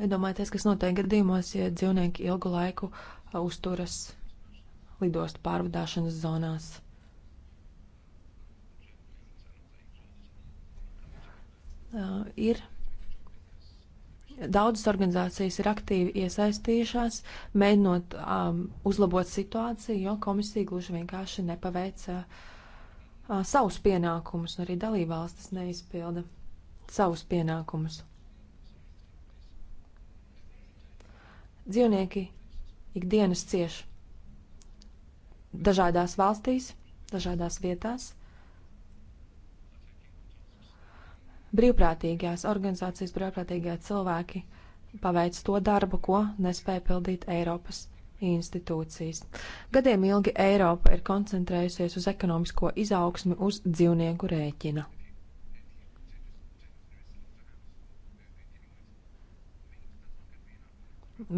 Iedomājieties, mm. kas notiek gadījumos, ja dzīvnieki ilgu laiku uzturas lidostu pārvadāšanas zonās. Uh, ir daudzas organizācijas ir aktīvi iesaistījušās, mēģinot um, uzlabot situāciju, jo komisija gluži vienkārši nepaveica uh, savus pienākumus, un arī dalībvalstis neizpilda savus pienākumus. Dzīvnieki ikdienas cieš dažādās valstīs, dažādās vietās. Brīvprātīgās organizācijas, brīvprātīgie cilvēki paveic to darbu, ko nespēja pildīt Eiropas institūcijas. Gadiem ilgi Eiropa ir koncentrējusies uz ekonomisko izaugsmi uz dzīvnieku rēķina.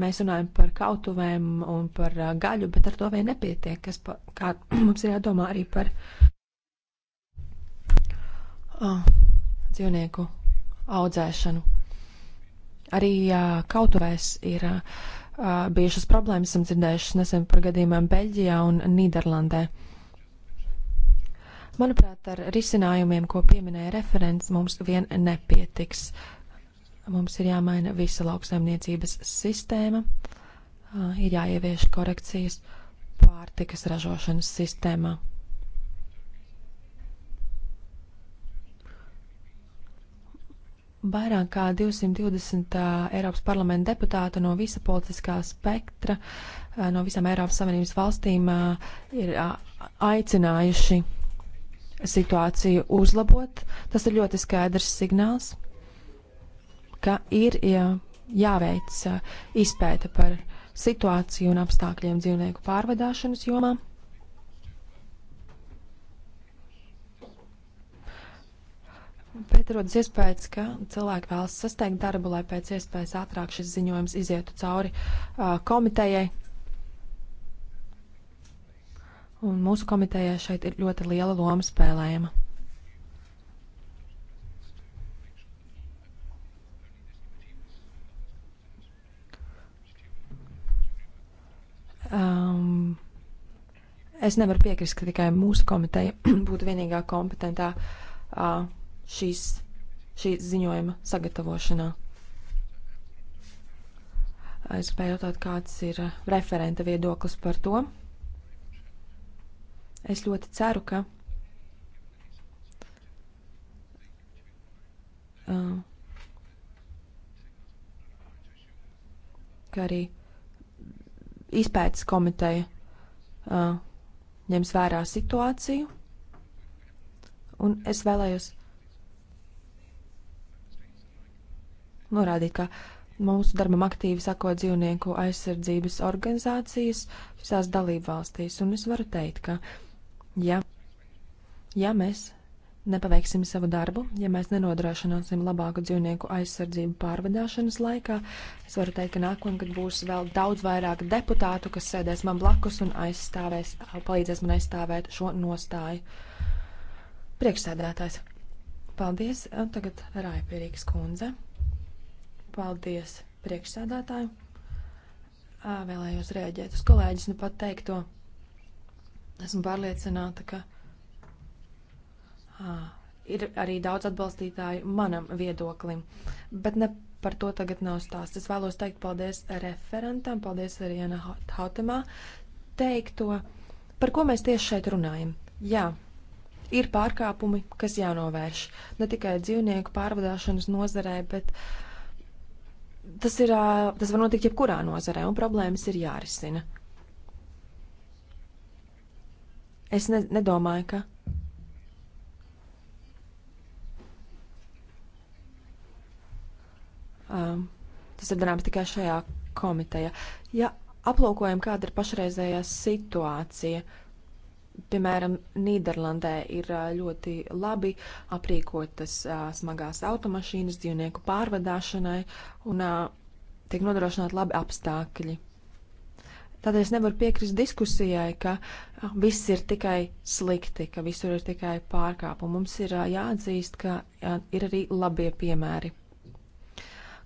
mēs runājam par kautuvēm un par uh, gaļu, bet ar to vien nepietiek. Kas pa, kā, mums ir jādomā arī par uh, dzīvnieku audzēšanu. Arī uh, kautuvēs ir uh, bijušas problēmas, esam dzirdējuši nesen par gadījumiem Beļģijā un Nīderlandē. Manuprāt, ar risinājumiem, ko pieminēja referents, mums vien nepietiks. Uh, Mums ir jāmaina visa lauksaimniecības sistēma, ir jāievieš korekcijas pārtikas ražošanas sistēmā. Vairāk kā 220 Eiropas parlamenta deputātu no visa politiskā spektra, no visām Eiropas Savienības valstīm ir aicinājuši situāciju uzlabot. Tas ir ļoti skaidrs signāls ka ir jā, jāveic uh, izpēta par situāciju un apstākļiem dzīvnieku pārvadāšanas jomā. Bet rodas iespējas, ka cilvēki vēlas sasteigt darbu, lai pēc iespējas ātrāk šis ziņojums izietu cauri uh, komitejai. Un mūsu komitejai šeit ir ļoti liela loma spēlējama. Um, es nevaru piekrist, ka tikai mūsu komiteja būtu vienīgā kompetentā uh, šīs, šī ziņojuma sagatavošanā. Es gribēju jautāt, kāds ir uh, referenta viedoklis par to. Es ļoti ceru, ka uh, ka arī izpētes komiteja uh, ņems vērā situāciju, un es vēlējos norādīt, ka mūsu darbam aktīvi sako dzīvnieku aizsardzības organizācijas visās dalībvalstīs, un es varu teikt, ka ja, ja mēs nepaveiksim savu darbu, ja mēs nenodrošināsim labāku dzīvnieku aizsardzību pārvadāšanas laikā. Es varu teikt, ka nākamgad būs vēl daudz vairāk deputātu, kas sēdēs man blakus un aizstāvēs, palīdzēs man aizstāvēt šo nostāju. Priekšsēdētājs. Paldies. Tagad Raipierīgas kundze. Paldies priekšsēdētāju. Vēlējos rēģēt uz kolēģis nu pat teikto. Esmu pārliecināta, ka Ah, ir arī daudz atbalstītāju manam viedoklim, bet ne par to tagad nav stāsts. Es vēlos teikt paldies referentam, paldies arī Jana Hautemā teikto, par ko mēs tieši šeit runājam. Jā, ir pārkāpumi, kas jānovērš. Ne tikai dzīvnieku pārvadāšanas nozarē, bet tas, ir, tas var notikt jebkurā nozarē, un problēmas ir jārisina. Es ne, nedomāju, ka Um, tas ir darāms tikai šajā komiteja. Ja aplūkojam, kāda ir pašreizējā situācija, piemēram, Nīderlandē ir uh, ļoti labi aprīkotas a, uh, smagās automašīnas dzīvnieku pārvadāšanai un a, uh, tiek nodrošināti labi apstākļi. Tādēļ es nevaru piekrist diskusijai, ka viss ir tikai slikti, ka visur ir tikai pārkāpumi. Mums ir jāatzīst, ka ir arī labie piemēri.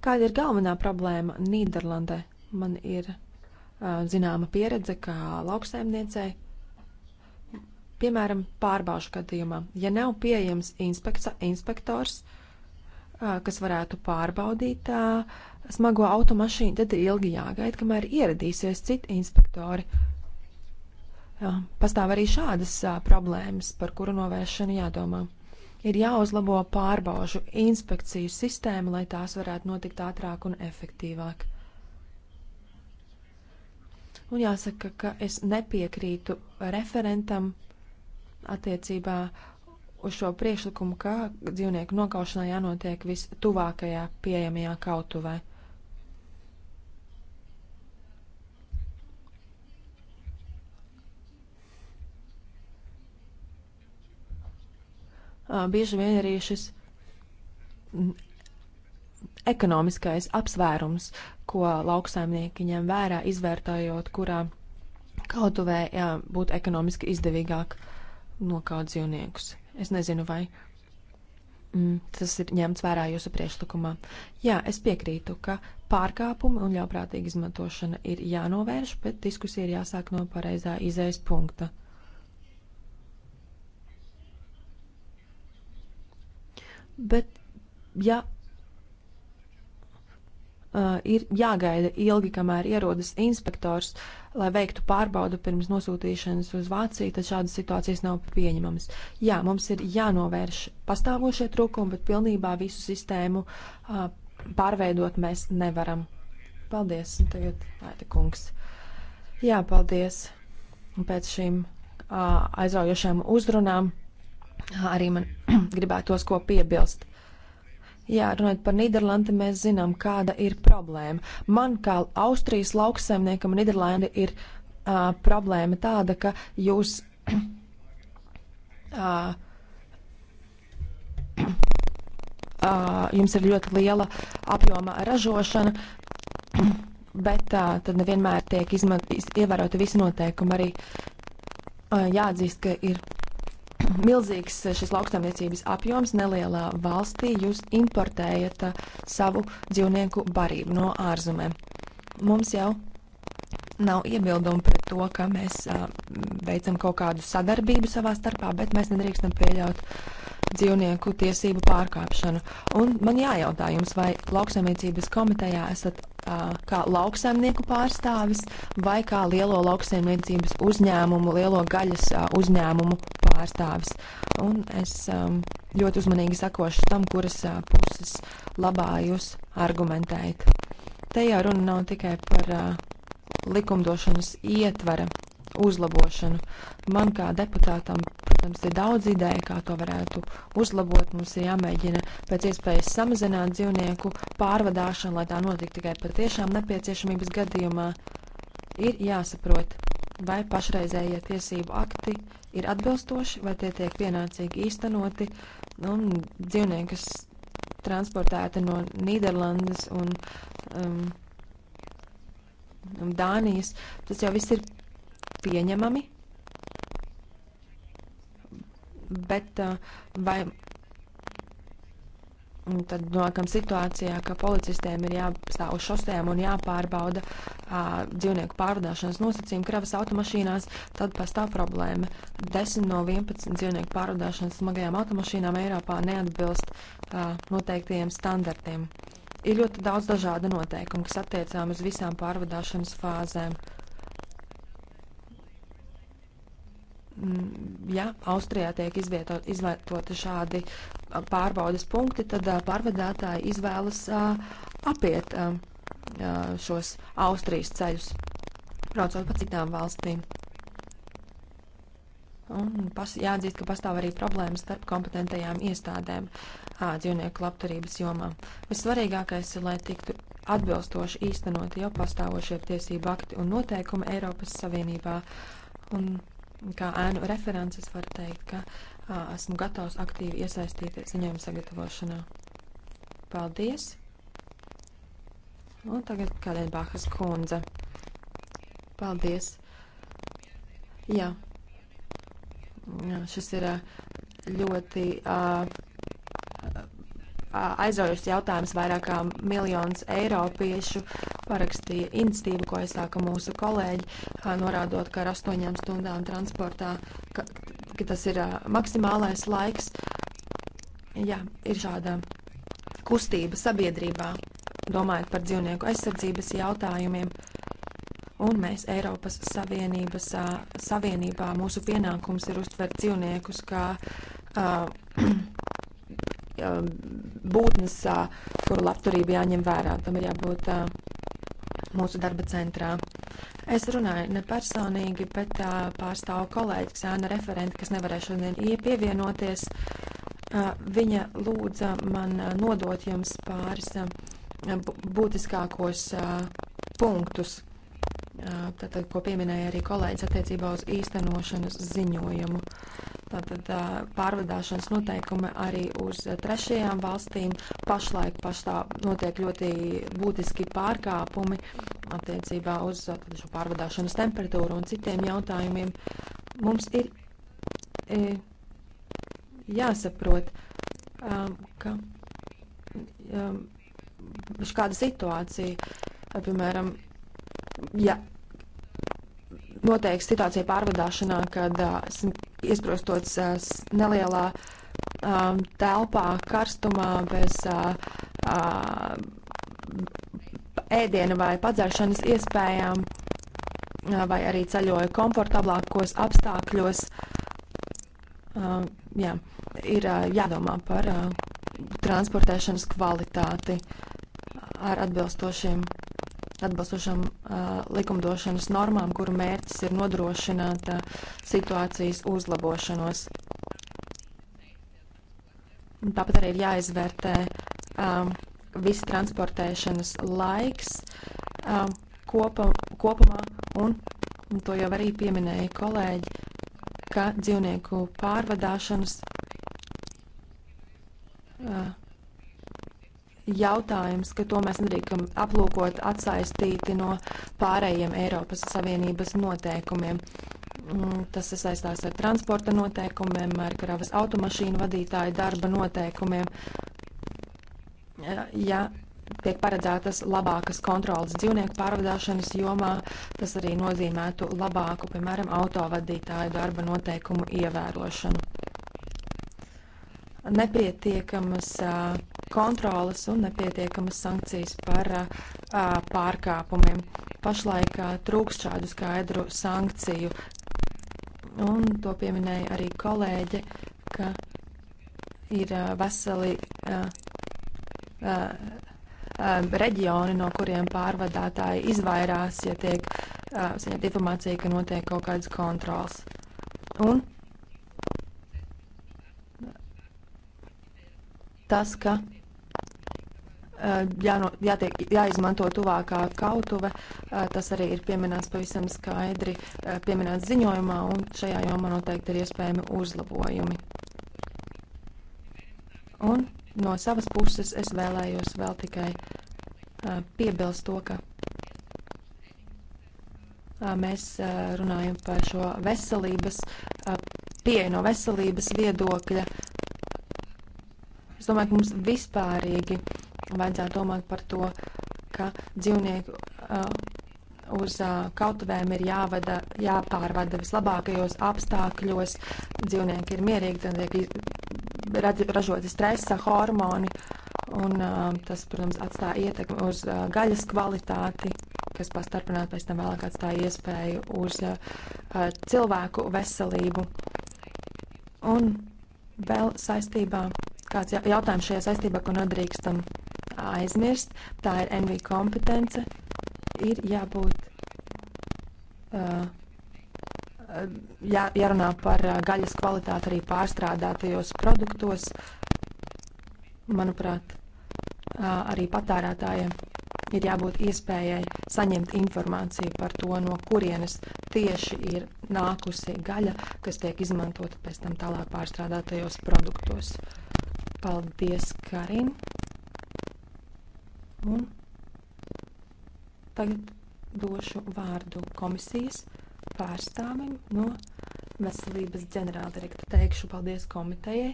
Kāda ir galvenā problēma Nīderlandē? Man ir uh, zināma pieredze, kā lauksaimniecei. Piemēram, pārbaušu gadījumā, ja nav pieejams inspektors, uh, kas varētu pārbaudīt uh, smago automašīnu, tad ir ilgi jāgaida, kamēr ieradīsies citi inspektori. Uh, pastāv arī šādas uh, problēmas, par kuru novēršanu jādomā ir jāuzlabo pārbaužu inspekciju sistēma, lai tās varētu notikt ātrāk un efektīvāk. Un jāsaka, ka es nepiekrītu referentam attiecībā uz šo priekšlikumu, ka dzīvnieku nokaušanā jānotiek vistuvākajā pieejamajā kautuvē. bieži vien arī šis ekonomiskais apsvērums, ko lauksaimnieki ņem vērā, izvērtējot, kurā kautuvē būtu ekonomiski izdevīgāk nokaut dzīvniekus. Es nezinu, vai mm, tas ir ņemts vērā jūsu priekšlikumā. Jā, es piekrītu, ka pārkāpumi un ļauprātīga izmantošana ir jānovērš, bet diskusija ir jāsāk no pareizā izējas punkta. bet ja uh, ir jāgaida ilgi, kamēr ierodas inspektors, lai veiktu pārbaudu pirms nosūtīšanas uz Vāciju, tad šādas situācijas nav pieņemamas. Jā, mums ir jānovērš pastāvošie trūkumi, bet pilnībā visu sistēmu uh, pārveidot mēs nevaram. Paldies, un tagad Laita kungs. Jā, paldies pēc šīm uh, aizraujošām uzrunām arī man gribētos ko piebilst. Jā, runājot par Nīderlandi, mēs zinām, kāda ir problēma. Man kā Austrijas lauksaimniekam Nīderlandi ir uh, problēma tāda, ka jūs. Uh, Uh, jums ir ļoti liela apjoma ražošana, bet uh, tad nevienmēr tiek izmant, iz, ievēroti visi noteikumi. Arī uh, jāatzīst, ka ir milzīgs eh, šis lauksaimniecības apjoms nelielā valstī, jūs importējat eh, savu dzīvnieku barību no ārzemēm. Mums jau nav iebildumu pret to, ka mēs a, eh, veicam kaut kādu sadarbību savā starpā, bet mēs nedrīkstam pieļaut dzīvnieku tiesību pārkāpšanu. Un man jājautā jums, vai lauksaimniecības komitejā esat uh, kā lauksaimnieku pārstāvis vai kā lielo lauksaimniecības uzņēmumu, lielo gaļas uh, uzņēmumu pārstāvis. Un es um, ļoti uzmanīgi sakošu tam, kuras uh, puses labā jūs argumentējat. Te jau runa nav tikai par uh, likumdošanas ietvara uzlabošanu. Man kā deputātam, protams, ir daudz ideju, kā to varētu uzlabot. Mums ir jāmēģina pēc iespējas samazināt dzīvnieku pārvadāšanu, lai tā notiktu tikai patiešām nepieciešamības gadījumā. Ir jāsaprot, vai pašreizējie tiesību akti ir atbilstoši, vai tie tiek pienācīgi īstenoti, un dzīvnieki, kas transportēti no Nīderlandes un um, Dānijas, tas jau viss ir pieņemami. Bet uh, vai tad nonākam situācijā, ka policistiem ir jāstāv uz šosēm un jāpārbauda ā, uh, dzīvnieku pārvadāšanas nosacījumi kravas automašīnās, tad pastāv problēma. 10 no 11 dzīvnieku pārvadāšanas smagajām automašīnām Eiropā neatbilst ā, uh, noteiktajiem standartiem. Ir ļoti daudz dažādu noteikumu, kas attiecām uz visām pārvadāšanas fāzēm. Mm, ja Austrijā tiek izvietot, izvietoti šādi pārbaudas punkti, tad pārvadātāji izvēlas apiet šos Austrijas ceļus, braucot pa citām valstīm. Un pas, jāatzīst, ka pastāv arī problēmas starp kompetentajām iestādēm dzīvnieku labturības jomā. Vissvarīgākais ir, lai tiktu atbilstoši īstenoti jau pastāvošie tiesību akti un noteikumi Eiropas Savienībā. Un kā ēnu references var teikt, ka a, esmu gatavs aktīvi iesaistīties ziņojuma sagatavošanā. Paldies! Un tagad kādēļ Bāhas kundze. Paldies! Jā, Jā šis ir a, ļoti a, aizraujošs jautājums. Vairākām miljonus eiropiešu parakstīja iniciatīvu, ko aizsāka mūsu kolēģi, norādot, ka ar astoņām stundām transportā ka, ka tas ir maksimālais laiks. Jā, ir šāda kustība sabiedrībā, domājot par dzīvnieku aizsardzības jautājumiem. Un mēs Eiropas Savienības, Savienībā mūsu pienākums ir uztvert dzīvniekus kā uh, Um, būtnes, uh, kuru labturība jāņem vērā. Tam ir jābūt uh, mūsu darba centrā. Es runāju ne personīgi, bet uh, pārstāvu kolēģi, Sēna referenti, kas nevarēja šodien pievienoties. Uh, viņa lūdza man uh, nodot jums pāris uh, būtiskākos uh, punktus, uh, tātad, ko pieminēja arī kolēģis attiecībā uz īstenošanas ziņojumu. Uh, Tātad pārvadāšanas noteikumi arī uz trešajām valstīm. Pašlaik paštā notiek ļoti būtiski pārkāpumi attiecībā uz šo pārvadāšanas temperatūru un citiem jautājumiem. Mums ir e, jāsaprot, um, ka um, kāda situācija, piemēram, ja noteikti situācija pārvadāšanā, kad esmu iesprostots nelielā telpā, karstumā, bez ēdiena vai padzēršanas iespējām, vai arī ceļoju komfortablākos apstākļos. Jā, ir jādomā par transportēšanas kvalitāti ar atbilstošiem atbalstošām likumdošanas normām, kuru mērķis ir nodrošināt situācijas uzlabošanos. Tāpat arī ir jāizvērtē viss transportēšanas laiks kopa, kopumā, un, un to jau arī pieminēja kolēģi, ka dzīvnieku pārvadāšanas. Uh, jautājums, ka to mēs nedrīkam aplūkot atsaistīti no pārējiem Eiropas Savienības noteikumiem. Mm, tas saistās ar transporta noteikumiem, ar kravas automašīnu vadītāju darba noteikumiem. Ja tiek paredzētas labākas kontrolas dzīvnieku pārvadāšanas jomā, tas arī nozīmētu labāku, piemēram, autovadītāju darba noteikumu ievērošanu. Nepietiekamas uh, kontrolas un nepietiekamas sankcijas par a, uh, uh, pārkāpumiem. Pašlaik a, uh, trūkst šādu skaidru sankciju. Un to pieminēja arī kolēģe, ka ir a, veseli reģioni, no kuriem pārvadātāji izvairās, ja tiek saņemta informācija, ka notiek kaut kādas kontrols. Un tas, ka Eh, jāno, jātiek, jāizmanto tuvākā kautuve. Eh, tas arī ir pieminēts pavisam skaidri, eh, pieminēts ziņojumā, un šajā jomā noteikti ir iespējami uzlabojumi. Un no savas puses es vēlējos vēl tikai piebilst to, ka mēs runājam par šo veselības, pieeja no veselības viedokļa. Es domāju, ka mums vispārīgi uh, vajadzētu domāt par to, ka dzīvnieku uh, uz uh, kautuvēm ir jāvada, jāpārvada vislabākajos apstākļos. Dzīvnieki ir mierīgi, tad tiek ražoti stresa hormoni, un uh, tas, protams, atstāja ietekmi uz gaļas kvalitāti, kas pastarpināti pēc tam vēlāk atstāja iespēju uz cilvēku veselību. Un vēl saistībā, kāds jautājums šajā saistībā, ko nedrīkstam aizmirst. Tā ir NV kompetence. Ir jābūt. Uh, Jā, jārunā par gaļas kvalitāti arī pārstrādātajos produktos. Manuprāt, arī patērētājiem ir jābūt iespējai saņemt informāciju par to, no kurienes tieši ir nākusi gaļa, kas tiek izmantota pēc tam tālāk pārstrādātajos produktos. Paldies, Karin! Un tagad došu vārdu komisijas pārstāvim no veselības ģenerāldirektora. Teikšu paldies komitejai,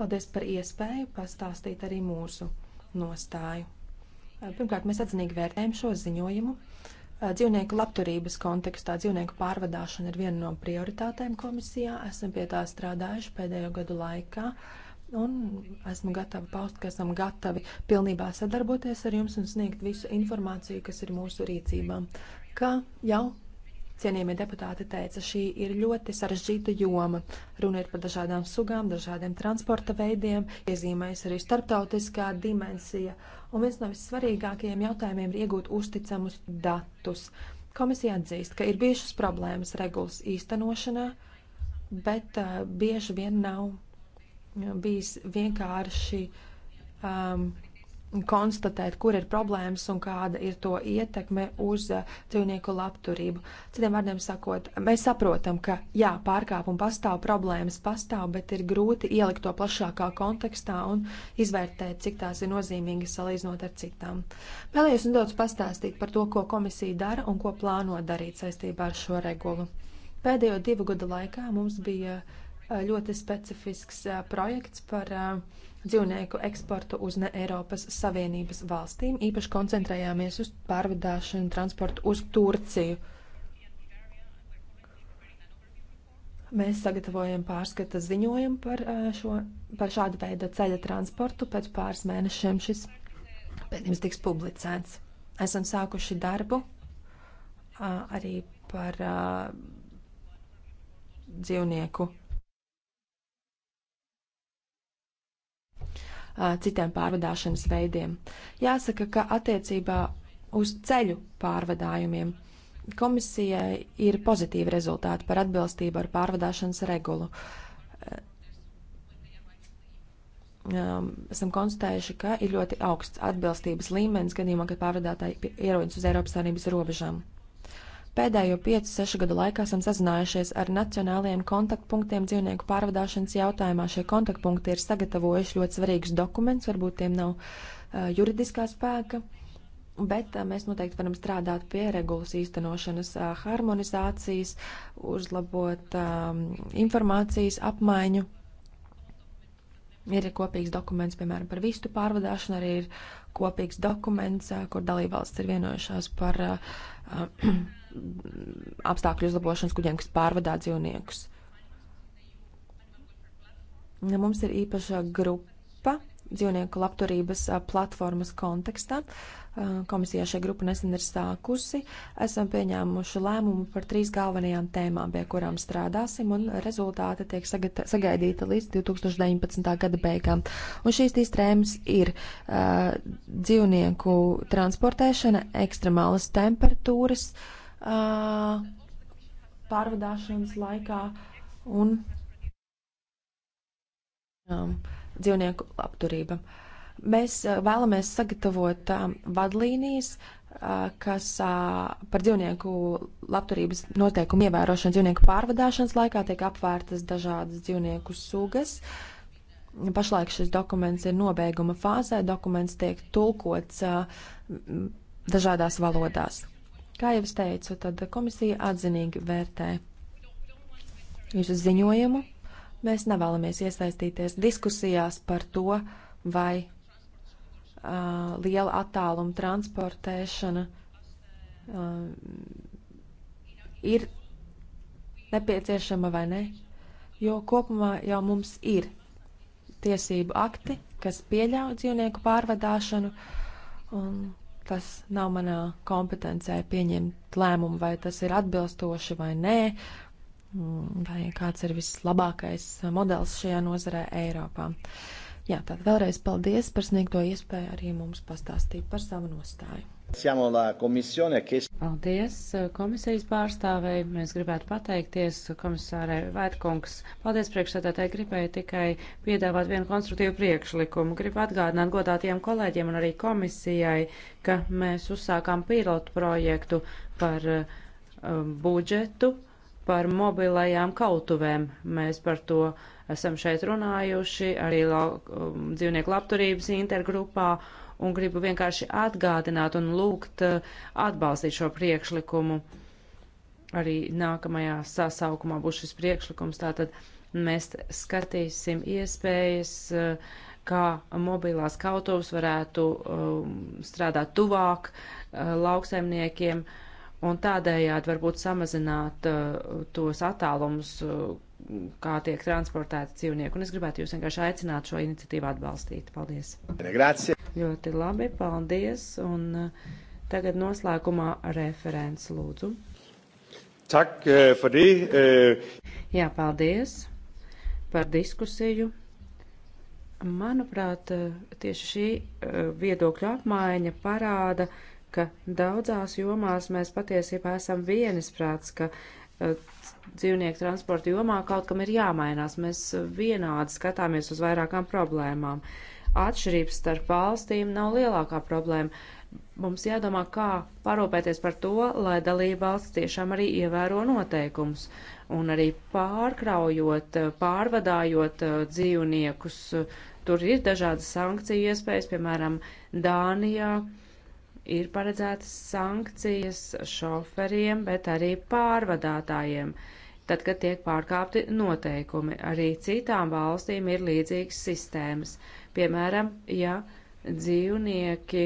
paldies par iespēju pastāstīt arī mūsu nostāju. Pirmkārt, mēs atzinīgi vērtējam šo ziņojumu. Dzīvnieku labturības kontekstā dzīvnieku pārvadāšana ir viena no prioritātēm komisijā. Esam pie tā strādājuši pēdējo gadu laikā. Uh, Un esmu gatava paust, ka esam gatavi pilnībā sadarboties ar jums un sniegt visu informāciju, kas ir mūsu rīcībā. Kā jau cienījamie deputāti teica, šī ir ļoti sarežģīta joma. Runa ir par dažādām sugām, dažādiem transporta veidiem, iezīmējas arī starptautiskā dimensija. Un viens no vissvarīgākajiem jautājumiem ir iegūt uzticamus datus. Komisija atzīst, ka ir bijušas problēmas regulas īstenošanā, bet uh, bieži vien nav bijis vienkārši um, konstatēt, kur ir problēmas un kāda ir to ietekme uz uh, dzīvnieku labturību. Citiem vārdiem sakot, mēs saprotam, ka jā, pārkāpumi pastāv, problēmas pastāv, bet ir grūti ielikt to plašākā kontekstā un izvērtēt, cik tās ir nozīmīgas salīdzinot ar citām. Vēlējos nedaudz pastāstīt par to, ko komisija dara un ko plāno darīt saistībā ar šo regulu. Pēdējo divu gadu laikā mums bija uh, Eh, ļoti specifisks eh, projekts par eh, dzīvnieku eksportu uz ne Eiropas Savienības valstīm. Īpaši koncentrējāmies uz pārvadāšanu transportu uz Turciju. Mēs sagatavojam pārskata ziņojumu par, šo, par šādu veidu ceļa transportu. Pēc pāris mēnešiem šis pētījums tiks publicēts. Esam sākuši darbu arī par dzīvnieku citiem pārvadāšanas veidiem. Jāsaka, ka attiecībā uz ceļu pārvadājumiem komisijai ir pozitīvi rezultāti par atbilstību ar pārvadāšanas regulu. Esam konstatējuši, ka ir ļoti augsts atbilstības līmenis gadījumā, kad pārvadātāji ierodas uz Eiropas Savienības robežām. Pēdējo 5-6 gadu laikā esam sazinājušies ar nacionālajiem kontaktpunktiem dzīvnieku pārvadāšanas jautājumā. Šie kontaktpunkti ir sagatavojuši ļoti svarīgus dokumentus, varbūt tiem nav uh, juridiskā spēka, bet uh, mēs noteikti varam strādāt pie regulas īstenošanas, uh, harmonizācijas, uzlabot um, informācijas apmaiņu. Ir kopīgs dokuments, piemēram, par vistu pārvadāšanu, arī ir kopīgs dokuments, uh, kur dalībvalsts ir vienojušās par. Uh, uh, apstākļu uzlabošanas kuģiem, kas pārvadā dzīvniekus. Mums ir īpaša grupa dzīvnieku labturības platformas kontekstā. Komisijā šī grupa nesen ir sākusi. Esam pieņēmuši lēmumu par trīs galvenajām tēmām, pie kurām strādāsim, un rezultāti tiek sagaidīti līdz 2019. gada beigām. Un šīs trīs tēmas ir uh, dzīvnieku transportēšana, ekstremālas temperatūras, uh, uh, pārvadāšanas laikā un um, dzīvnieku labturība. Mēs uh, vēlamies sagatavot uh, vadlīnijas, uh, kas uh, par dzīvnieku labturības noteikumu ievērošanu dzīvnieku pārvadāšanas laikā tiek apvērtas dažādas dzīvnieku sugas. Pašlaik šis dokuments ir nobeiguma fāzē, dokuments tiek tulkots uh, dažādās valodās. Kā jau es teicu, tad komisija atzinīgi vērtē jūsu ziņojumu. Mēs nevēlamies iesaistīties diskusijās par to, vai uh, liela attāluma transportēšana uh, ir nepieciešama vai ne, jo kopumā jau mums ir tiesību akti, kas pieļauj dzīvnieku pārvadāšanu, un tas nav manā kompetencē pieņemt lēmumu, vai tas ir atbilstoši vai nē, mm, vai kāds ir vislabākais modelis šajā nozarē Eiropā. Jā, tad vēlreiz paldies par sniegto iespēju arī mums pastāstīt par savu nostāju. Paldies eh, komisijas pārstāvēji. Mēs gribētu pateikties komisārai Vērkungs. Paldies priekšsēdētāji. Gribēju tikai piedāvāt vienu konstruktīvu priekšlikumu. Gribu atgādināt godātiem kolēģiem un arī komisijai, ka mēs uzsākām pilotu projektu par uh, budžetu, par mobilajām kautuvēm. Mēs par to esam šeit runājuši arī lau, um, dzīvnieku labturības intergrupā. Uh, un gribu vienkārši atgādināt un lūgt eh, atbalstīt šo priekšlikumu. Arī nākamajā sasaukumā būs šis priekšlikums, tātad mēs skatīsim iespējas, eh, kā mobilās kautovas varētu eh, strādāt tuvāk lauksaimniekiem un tādējādi varbūt samazināt tos attālums, kā tiek transportēti dzīvnieki. Un es gribētu jūs vienkārši aicināt šo iniciatīvu atbalstīt. Paldies! Grazie! Ļoti labi, paldies! Un eh, tagad noslēgumā referents lūdzu. Tak, eh, fadī, e... Eh. Jā, paldies par diskusiju. Manuprāt, tieši šī viedokļa apmaiņa parāda, ka daudzās jomās mēs patiesībā esam vienisprāts, ka uh, dzīvnieku transporta jomā kaut kam ir jāmainās. Mēs vienādi skatāmies uz vairākām problēmām. Atšķirības starp valstīm nav lielākā problēma. Mums jādomā, kā parūpēties par to, lai dalība valsts tiešām arī ievēro noteikumus un arī pārkraujot, pārvadājot uh, dzīvniekus. Tur ir dažādas sankciju iespējas, piemēram, Dānijā. Uh, ir paredzētas sankcijas šoferiem, bet arī pārvadātājiem, tad, kad tiek pārkāpti noteikumi. Arī citām valstīm ir līdzīgas sistēmas. Piemēram, ja dzīvnieki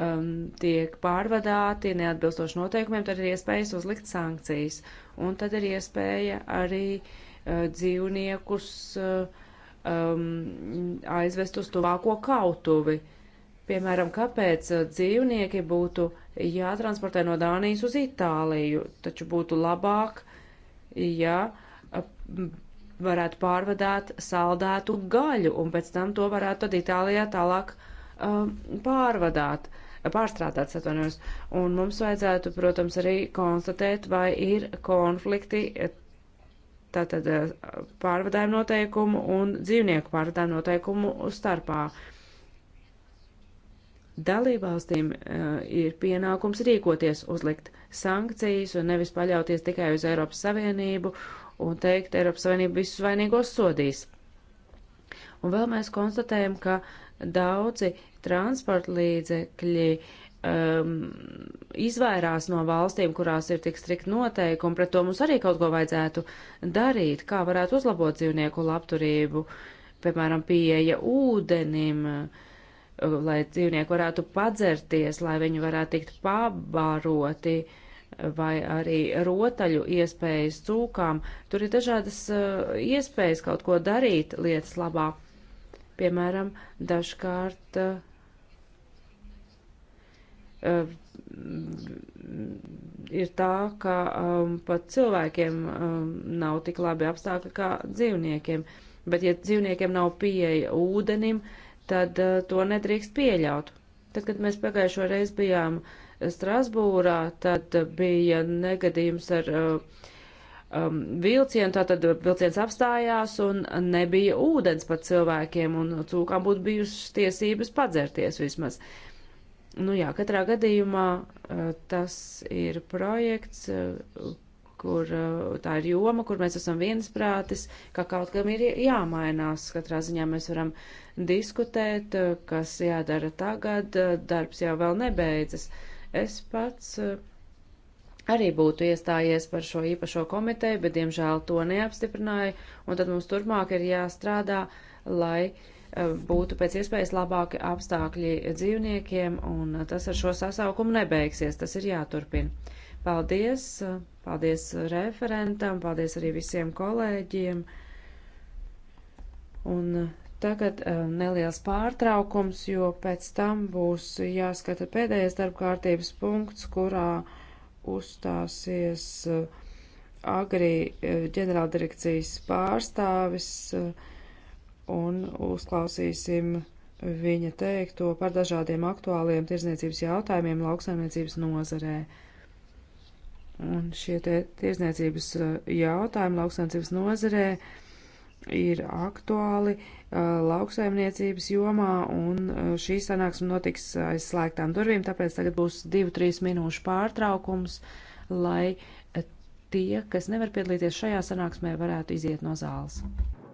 um, tiek pārvadāti neatbilstoši noteikumiem, tad ir iespējas uzlikt sankcijas. Un tad ir iespēja arī uh, dzīvniekus uh, um, aizvest uz tuvāko kautuvi. Uh, Piemēram, kāpēc uh, dzīvnieki būtu jātransportē no Dānijas uz Itāliju, taču būtu labāk, ja uh, varētu pārvadāt saldētu gaļu un pēc tam to varētu tad Itālijā tālāk um, pārvadāt, pārstrādāt, atvainojos. Un mums vajadzētu, protams, arī konstatēt, vai ir konflikti e, tātad e, pārvadājumu noteikumu un dzīvnieku pārvadājumu noteikumu starpā. Uh, Dalībvalstīm uh, ir pienākums rīkoties, uzlikt sankcijas un nevis paļauties tikai uz Eiropas Savienību un teikt, Eiropas Savienība visus vainīgos sodīs. Un vēl mēs konstatējam, ka daudzi transporta līdzekļi um, ehm, izvairās no valstīm, kurās ir tik strikt noteikumi, pret to mums arī kaut ko vajadzētu darīt, kā varētu uzlabot dzīvnieku labturību, piemēram, pieeja ūdenim. Uh, Uh, lai dzīvnieki varētu padzerties, lai viņi varētu tikt pabāroti, uh, vai arī rotaļu iespējas cūkām. Tur ir dažādas uh, iespējas kaut ko darīt lietas labā. Piemēram, dažkārt ir tā, ka um, pat cilvēkiem um, nav tik labi apstākļi kā dzīvniekiem. Bet, ja dzīvniekiem nav pieeja ūdenim, uh, tad uh, to nedrīkst pieļaut. Tad, kad mēs pagājušo reizi bijām Strasbūrā, tad bija negadījums ar uh, um, vilcienu, tātad vilciens apstājās un nebija ūdens pat cilvēkiem, un cūkām būtu bijušas tiesības padzerties vismaz. Nu jā, katrā gadījumā uh, tas ir projekts, uh, kur eh, tā ir joma, kur mēs esam viensprātis, ka kaut kam ir jāmainās. Katrā ziņā mēs varam diskutēt, eh, kas jādara tagad, eh, darbs jau vēl nebeidzas. Es pats arī būtu iestājies par šo īpašo komiteju, bet diemžēl to neapstiprināja, un tad mums turpmāk ir jāstrādā, lai būtu pēc iespējas labāki apstākļi dzīvniekiem, un tas ar šo sasaukumu nebeigsies, tas ir jāturpina. Paldies! Paldies referentam, paldies arī visiem kolēģiem. Un uh, tagad uh, neliels pārtraukums, jo pēc tam būs jāskata pēdējais darbkārtības punkts, kurā uzstāsies uh, agrī ģenerāldirekcijas pārstāvis un uzklausīsim viņa teikto par dažādiem aktuāliem tirzniecības jautājumiem lauksaimniecības nozarē. Un šie te tiesniecības uh, jautājumi lauksaimniecības nozarē ir aktuāli uh, lauksaimniecības jomā, un uh, šī sanāksme notiks aizslēgtām durvīm, tāpēc tagad būs divu, trīs minūšu pārtraukums, lai tie, kas nevar piedalīties šajā sanāksmē, varētu iziet no zāles.